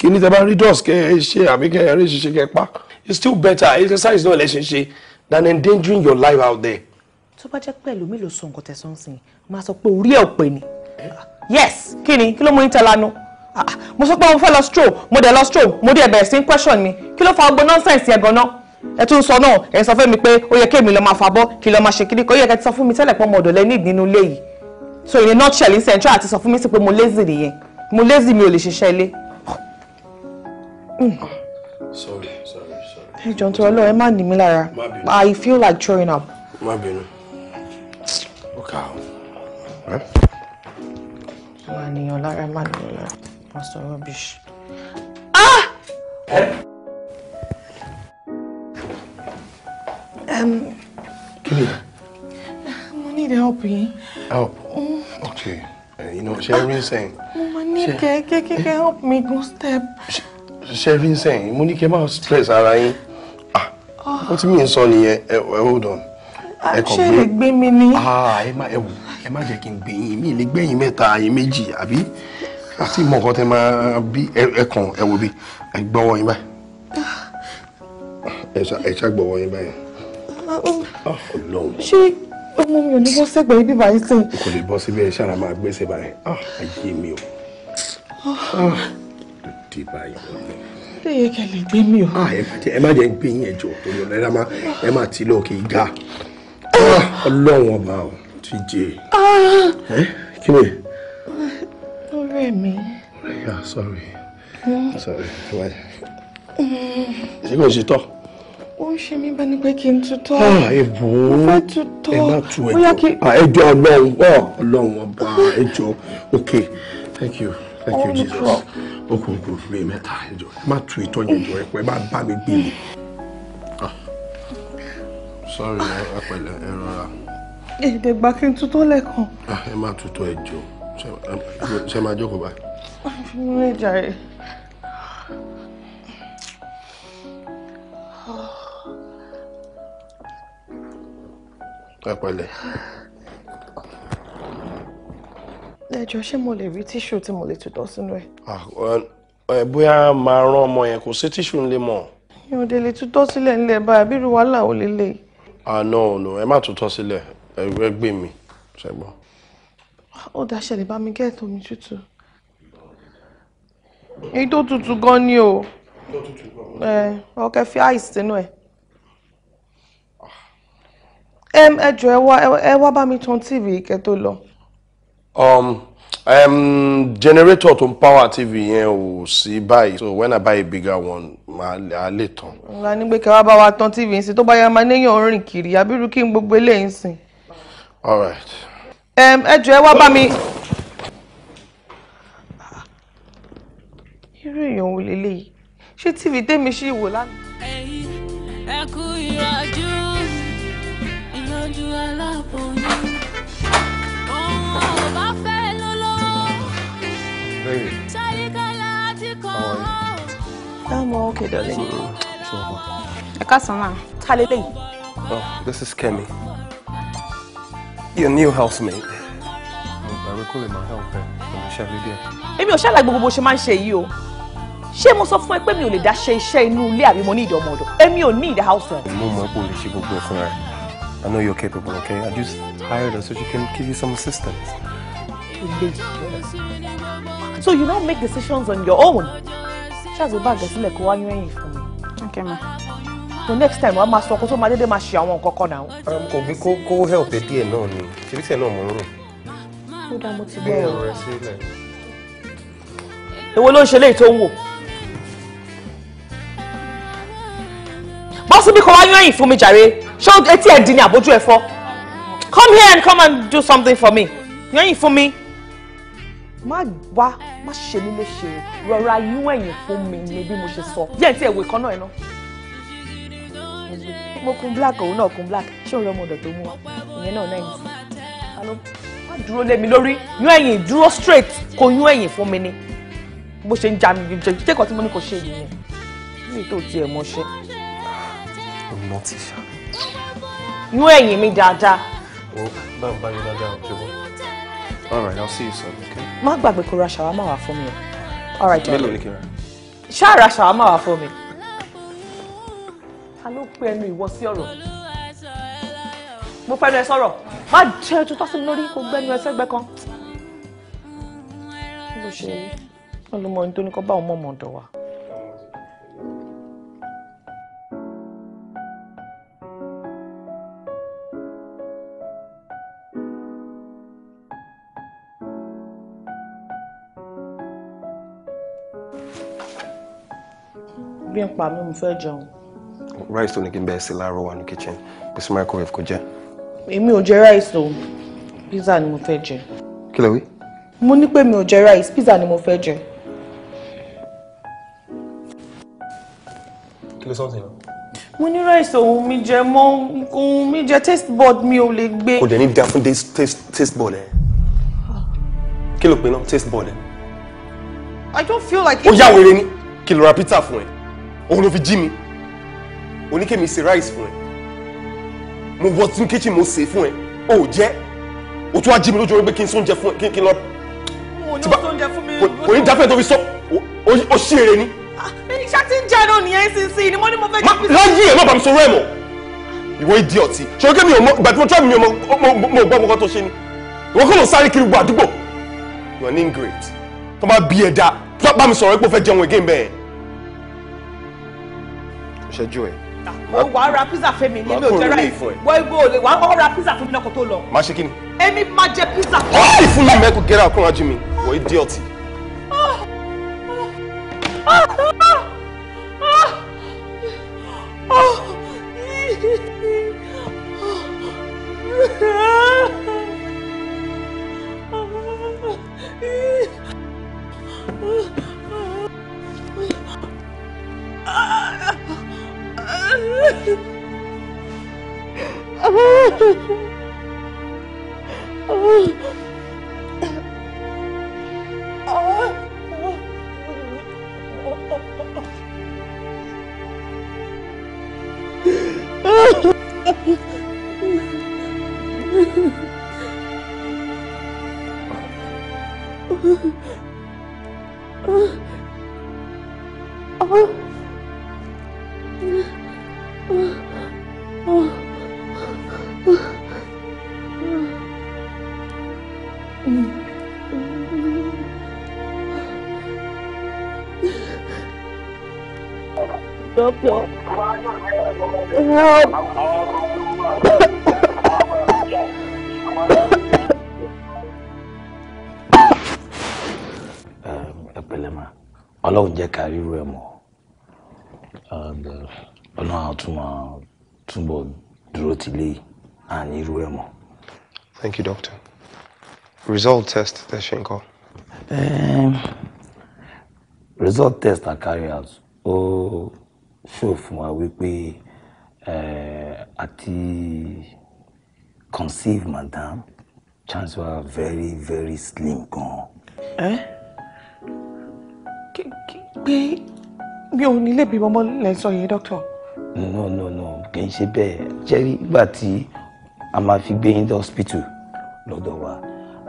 kíní tẹ bá rí dust kẹ ẹ ṣe àbí kẹ ẹ rí ṣiṣẹ kẹ pa it's still better exercise náà lẹ ṣe ṣe than endangering your life out there. tó bá jẹ́ pẹ̀lú mi ló sọ nǹkan tẹ̀sán sí i máa sọ pé orí ẹ̀ ò pè ní yes kí ni kí ló mú yín tẹ́ lanu mo sọ pé mo fẹ́ lọ stroll mo dẹ̀ lọ stroll mo dẹ̀ bẹ̀rẹ̀ sí question mi kí ló fa ọgbọ́n nonsense yẹn gan-an ẹ tún sọ náà ẹ sọ fún mi pé ó yẹ kémi lọ máa fa bọ́ kí lọ máa ṣe kíní kan ó yẹ kẹ́ ti sọ fún mi tẹ́lẹ̀ pé ọmọ ọ̀dọ̀ lẹ ní ilé yìí so ìrìn náà ṣẹlẹ̀ ń sẹ́ńtrà àti sọ fún mi sí pé mo lazy nìyẹn mo lazy mi ò lè ṣiṣẹ́ ilé. Hmm. sorry sorry sorry. ẹ jọ̀ọ́ nítorí ọlọ́run ẹ má ní mi lára i feel like throwing up. má bínú ó kà á. Máa nìyàn lára, máa nìyàn lára. Wọ́n sọ rubbish. Kí ni? Mo need help me. Help? Mm. Okay. Uh, you know, Sherry ń sẹ́yìn. Mo máa ní kẹ́ kẹ́ help me go step. Sherry ń sẹ́yìn, mo ní kẹ́ máa stress ara yín. Ah, What ah. ti mí ń sọ nìyẹn, eh, eh, hold on. Actually, ah, lè gbé mi ní? Ah, ẹ má ẹ ẹ má jẹ́ kí n gbẹ̀yìn mi lè gbẹ̀yìn mẹ́ta àyìn méjì àbí àti ìmọ̀ nǹkan tẹ máa bí ẹ̀kan ẹ wò bí ẹ gbọ́wọ́ yín báyìí ẹ ṣá gbọ́wọ́ yín báyìí. Ah, ṣé ọmọ mi ò ní bọ́ sẹ́gbẹ̀ẹ́ ibi báyìí sìn. kò lè bọ́ síbẹ̀ ṣáà máa gbèsè báyìí ah, ayé mi o ah, dé báyìí wọlé. ṣé yẹ kẹ́ lè gbé mi o. ẹ má jẹ́ gbé yín ẹ̀jọ̀ torí ọ̀la ẹ má ti lọ́ọ́ kí n ga ọlọ́run ọba ò ti jẹ́ kí ni. ọ̀rẹ́ mi. yeah sorry hmm. sorry wáyé ṣé kò ṣe tọ́. ó ń ṣe mí bá ní pé kí n tutọ́. ìbò ó fẹ́ tu ẹjọ́ ah, ẹjọ́ ọlọ́run wọ́ ah, ọlọ́run ọba ẹjọ́ ok thank you thank you jesus okùnkùn fún mi mẹ́ta ẹjọ́ ẹ má tu ìtọ́jú ìjọ ẹ̀pọ̀ ẹ má bá mi gbé ah, sorry ẹ pẹ̀lẹ́ ẹ rọra ìdẹ̀gbà kí n tutọ́ lẹ́ẹ̀kan. Ah, ẹ má tutọ́ ẹ jọ ṣe máa jókòó báyìí. mo lè jàre. ẹ pẹ̀lẹ́. ẹ jọ ṣé mo lè rí tíṣù tí mo lè tutọ́ sínú ẹ. Ah, ẹ bóyá máa rán ọmọ yẹn kò sí tíṣù ńlẹ̀ mọ́. mi ò dé lè tutọ́ sílẹ̀ ńlẹ̀ báyìí bí irú wàhálà ò lè lè. ah no no ẹ má tutọ́ sílẹ̀ ẹ̀rù ẹ gbé mi ṣẹ̀gbọ́n. ó dáṣẹ́ lè bá mi gẹ́ ètò omi tútù èyí tó tutù gan ni o ọkẹ́ fi ice sínú ẹ̀ ẹ jọ ẹ wá bá mi tan tv kẹ́ tó lọ. Um, generator to power TV yẹn ò sí báyìí so when I buy a bigger one màá á lè tán. ńlá ní pé kẹwàá bá wa tán TV ń sìn tó bá yá máa néèyàn ń rìn kiri àbírú kí n gbogbo eléyìí ń all right. ẹ jọ̀ọ́ ẹ wá bá mi. irú èèyàn wo leléyìí ṣé tv tèmi ṣì wò lánàá. ẹ̀yin ẹ kú ìrọ̀jú ìrọ̀jú aláboyún you. ò bá fẹ́ lọ́lọ́wọ́ táyíkálá ti kọ́ ọ́. dáàmú okay darling. I got máa ta oh this is Kemi. Your new housemate. Àgbàrú kò my máa help ẹ pẹ̀lú iṣẹ́ lédè. Èmi ò ṣàlàyé gbogbo bó ṣe máa ń ṣe yìí o. Ṣé mo sọ fún ẹ pé mi ò lè dá ṣe iṣẹ́ inú ilé àbí mo ní ìdí ọmọ ọ̀dọ̀? Èmi ò ní ìdá house Mo mọ̀ pé o gbogbo ẹ̀ fúnra I know you're capable, okay? I just hired her so she can give you some assistance. So you now make decisions on your own. She has a bag that's like one year for me. Okay ma so next time wàá máa sọ kó tó máa dédé máa ṣe àwọn nǹkan kan náà. kò bí kó kó help ẹ díẹ̀ náà ni ṣebí tẹ náà mo ń rò. ó dáa mo ti gbọ́ ọ. èwo ló ń ṣe léyìí tó ń wò. bọ́sibí kò wá yán yìí fún mi jàre ṣé etí ẹ̀ di ni àbójú ẹ̀ fọ́ come here and come and do something for me yán yìí fún mi má wá má ṣe mí léṣe rọra yún ẹ̀yìn fún mi ni bí mo ṣe sọ díẹ̀ tí ẹ̀ wò ìkan náà ẹ̀ náà mo kun black òun náà kun black ṣé òun ọmọ tó mú wa ìyẹn náà náà yìí alo má dúró lé lórí yún ẹ̀yìn dúró straight kò yún ẹ̀yìn fún mi ni bó ṣe ń ja mi jẹ jẹ kọ tí mo ní kò ṣe nìyẹn mi tó tiẹ̀ mọṣẹ́. ọmọ ti ṣá. yún ẹ̀yìn mi dáadáa. o bá ń bá mi dáadáa ọjọ́ bọ́. all right i'll see you soon. má gbàgbé kó ra ṣàwámà wá fún mi o. all right. mélòó ni kí n ra. ṣáà ra ṣàwámà wá fún mi ta ló pe ẹnu ìwọ sí ọ̀rọ̀ mo fẹnu ẹ sọ̀rọ̀ má jẹ ojú tó sí mi lórí kó gbẹnu ẹ sẹ́gbẹ̀ kan kí ló ṣe yìí wọn ló mọ ohun tó ní kó bá òun mọ ọmọ ọ̀dọ̀ wa. bí n pa mi mo fẹ́ jẹun rice tó ní kí n bẹ́ẹ̀ sí láàárọ̀ wà ní kitchen kò sí microwave kò jẹ́. èmi ò jẹ rice o pizza ni mo fẹ́ jẹ. kí ló wí. mo ní pé mi ò jẹ rice pizza ni mo fẹ́ jẹ. kí ló sọ́ọ̀tì náà mo ní rice ohun mi jẹ mọ ohun mi jẹ taste board mi ò lè gbé. kò dẹ̀ ní da fún taste board ẹ̀ kí ló pe náà taste board ẹ̀. I don't feel like. ó yà wèrè ni kí ló ra pizza fún ẹ òun ló fi jí mi oníkèmí ṣe rice fún ẹ mo wọ tí kitchen mo ṣe fún ẹ o ò jẹ o tún wá jí mi lójú orí pé kí n sóúnjẹ fún ẹ kí n lọ. kò ní dáfẹ́ tó fi sọ o ṣí ere ni. Ah, iṣẹ́ tí ń jẹ́nu nìyẹn sísìn ni mo ní mo fẹ́ kí n fi. láyé ẹ̀ má bàa mi sọ̀rọ̀ ẹ̀ mọ̀ ìwọ ìdí ọtí ṣòro kí mi ò mọ ìgbà tí mo tọ́ mi ò mọ gbọ́ ọkọ tó ṣe ni ìwọ kọ́ ló sáré kiri gbogbo àdúgbò you are an ingrate tó bá bí ẹ dá tó bá mi sọ̀rọ̀ ẹ pé o fẹ́ jẹun again bẹ́ẹ̀. ìṣẹ́jú ẹ̀ mo wàá ra pizza fún mi ní mi ò jẹ ráìsì wọ ibo olè wàá kọ́kọ́ ra pizza fún mi náà kó tó lọ. má ṣe kí ni. èmi máa jẹ pizza. wọ́n fún mi mẹ́kù gẹ́rẹ́ àkúrò ajú mi wọ́n idiot. Ah! [LAUGHS] Oh. doctor. Help. ẹpẹlẹmà Ọlọ́run jẹ́ ká ríru ẹ mọ́ Ọlọ́run àtúmọ̀ túbọ̀ dúró ti lé àní irú ẹ mọ́. Thank you, doctor. Result test tẹ́ ṣe ń kọ́. Result test are carry out. Oh ṣó fún wa wípé eh, àti conceive madam chance wa very very slim gan. ẹ kí kí pé mi ò nílé bímọ mọ́ lẹ́ sọ yẹn doctor. no no no kì í ṣe bẹ́ẹ̀ jẹ́rí ìgbà tí a máa fi gbé yín dé hospital lọ́dọ̀ wa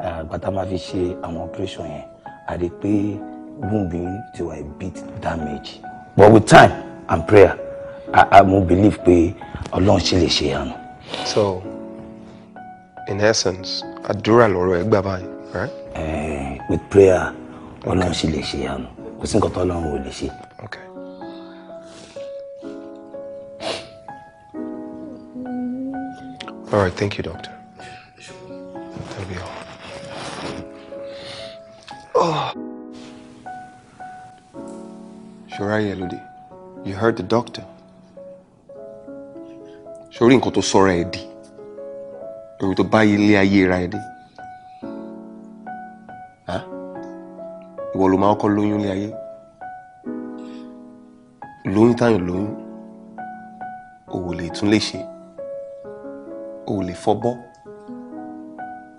eh, ìgbà tá a máa fi ṣe àwọn operation yẹn a rí i pé gbùngbìn tiwa a bit damage but with time and prayer i i mo believe pé Ọlọ́run ṣì lè ṣe àná. so in essence àdúrà lọ́rọ̀ ẹ gbà báyìí right. Uh, with prayer Ọlọ́run ṣì lè ṣe àná kò sí nǹkan tó Ọlọ́run ò lè ṣe. okay. all right thank you doctor that'll be all. Oh. Ṣọ́ra yẹ lóde. You heard the doctor. Ṣorí nǹkan tó sọ̀rọ̀ ẹ̀ e di. Orí tó bá ilé ayé ra ẹ̀ e di. Ìwọ ló máa kọ́ lóyún ilé ayé. Lóyún táyàn lóyún. O ò lè tún lè ṣe. O ò lè fọbọ́.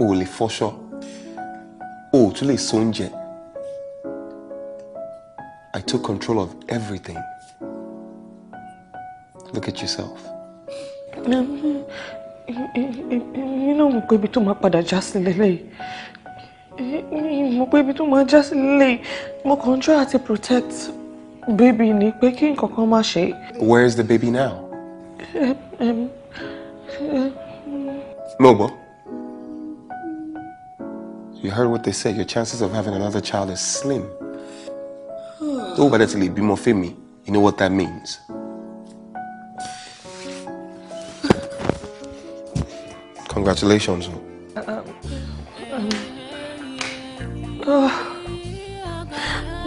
O ò lè fọṣọ. O tún lè so oúnjẹ. I took control of everything. Look at yourself. Um, you know, mo pé ibi tó máa padà já sí lélẹ̀. Mo pé ibi tó máa já sí lélẹ̀. protect baby ni pé kí nǹkan kan má Where is the baby now? Lobo. Um, um, you heard what they said. Your chances of having another child is slim. Tó bá dẹ̀ ti lè bímọ fún mi, you know what that means. Congratulations. Um, um, oh,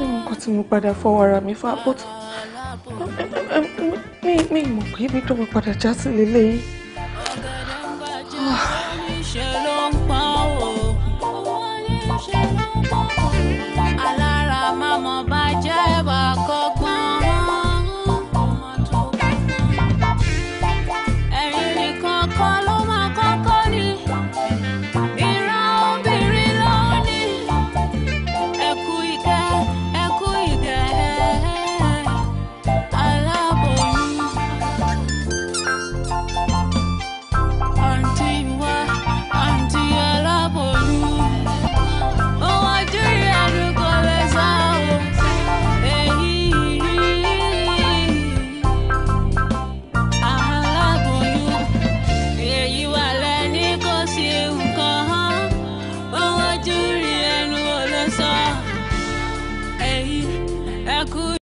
nǹkan tí mo padà fọwọ́ ara mi fa bọ́tù mi mi mọ̀ pé ibi tó mo padà já sí lélẹ́yìí.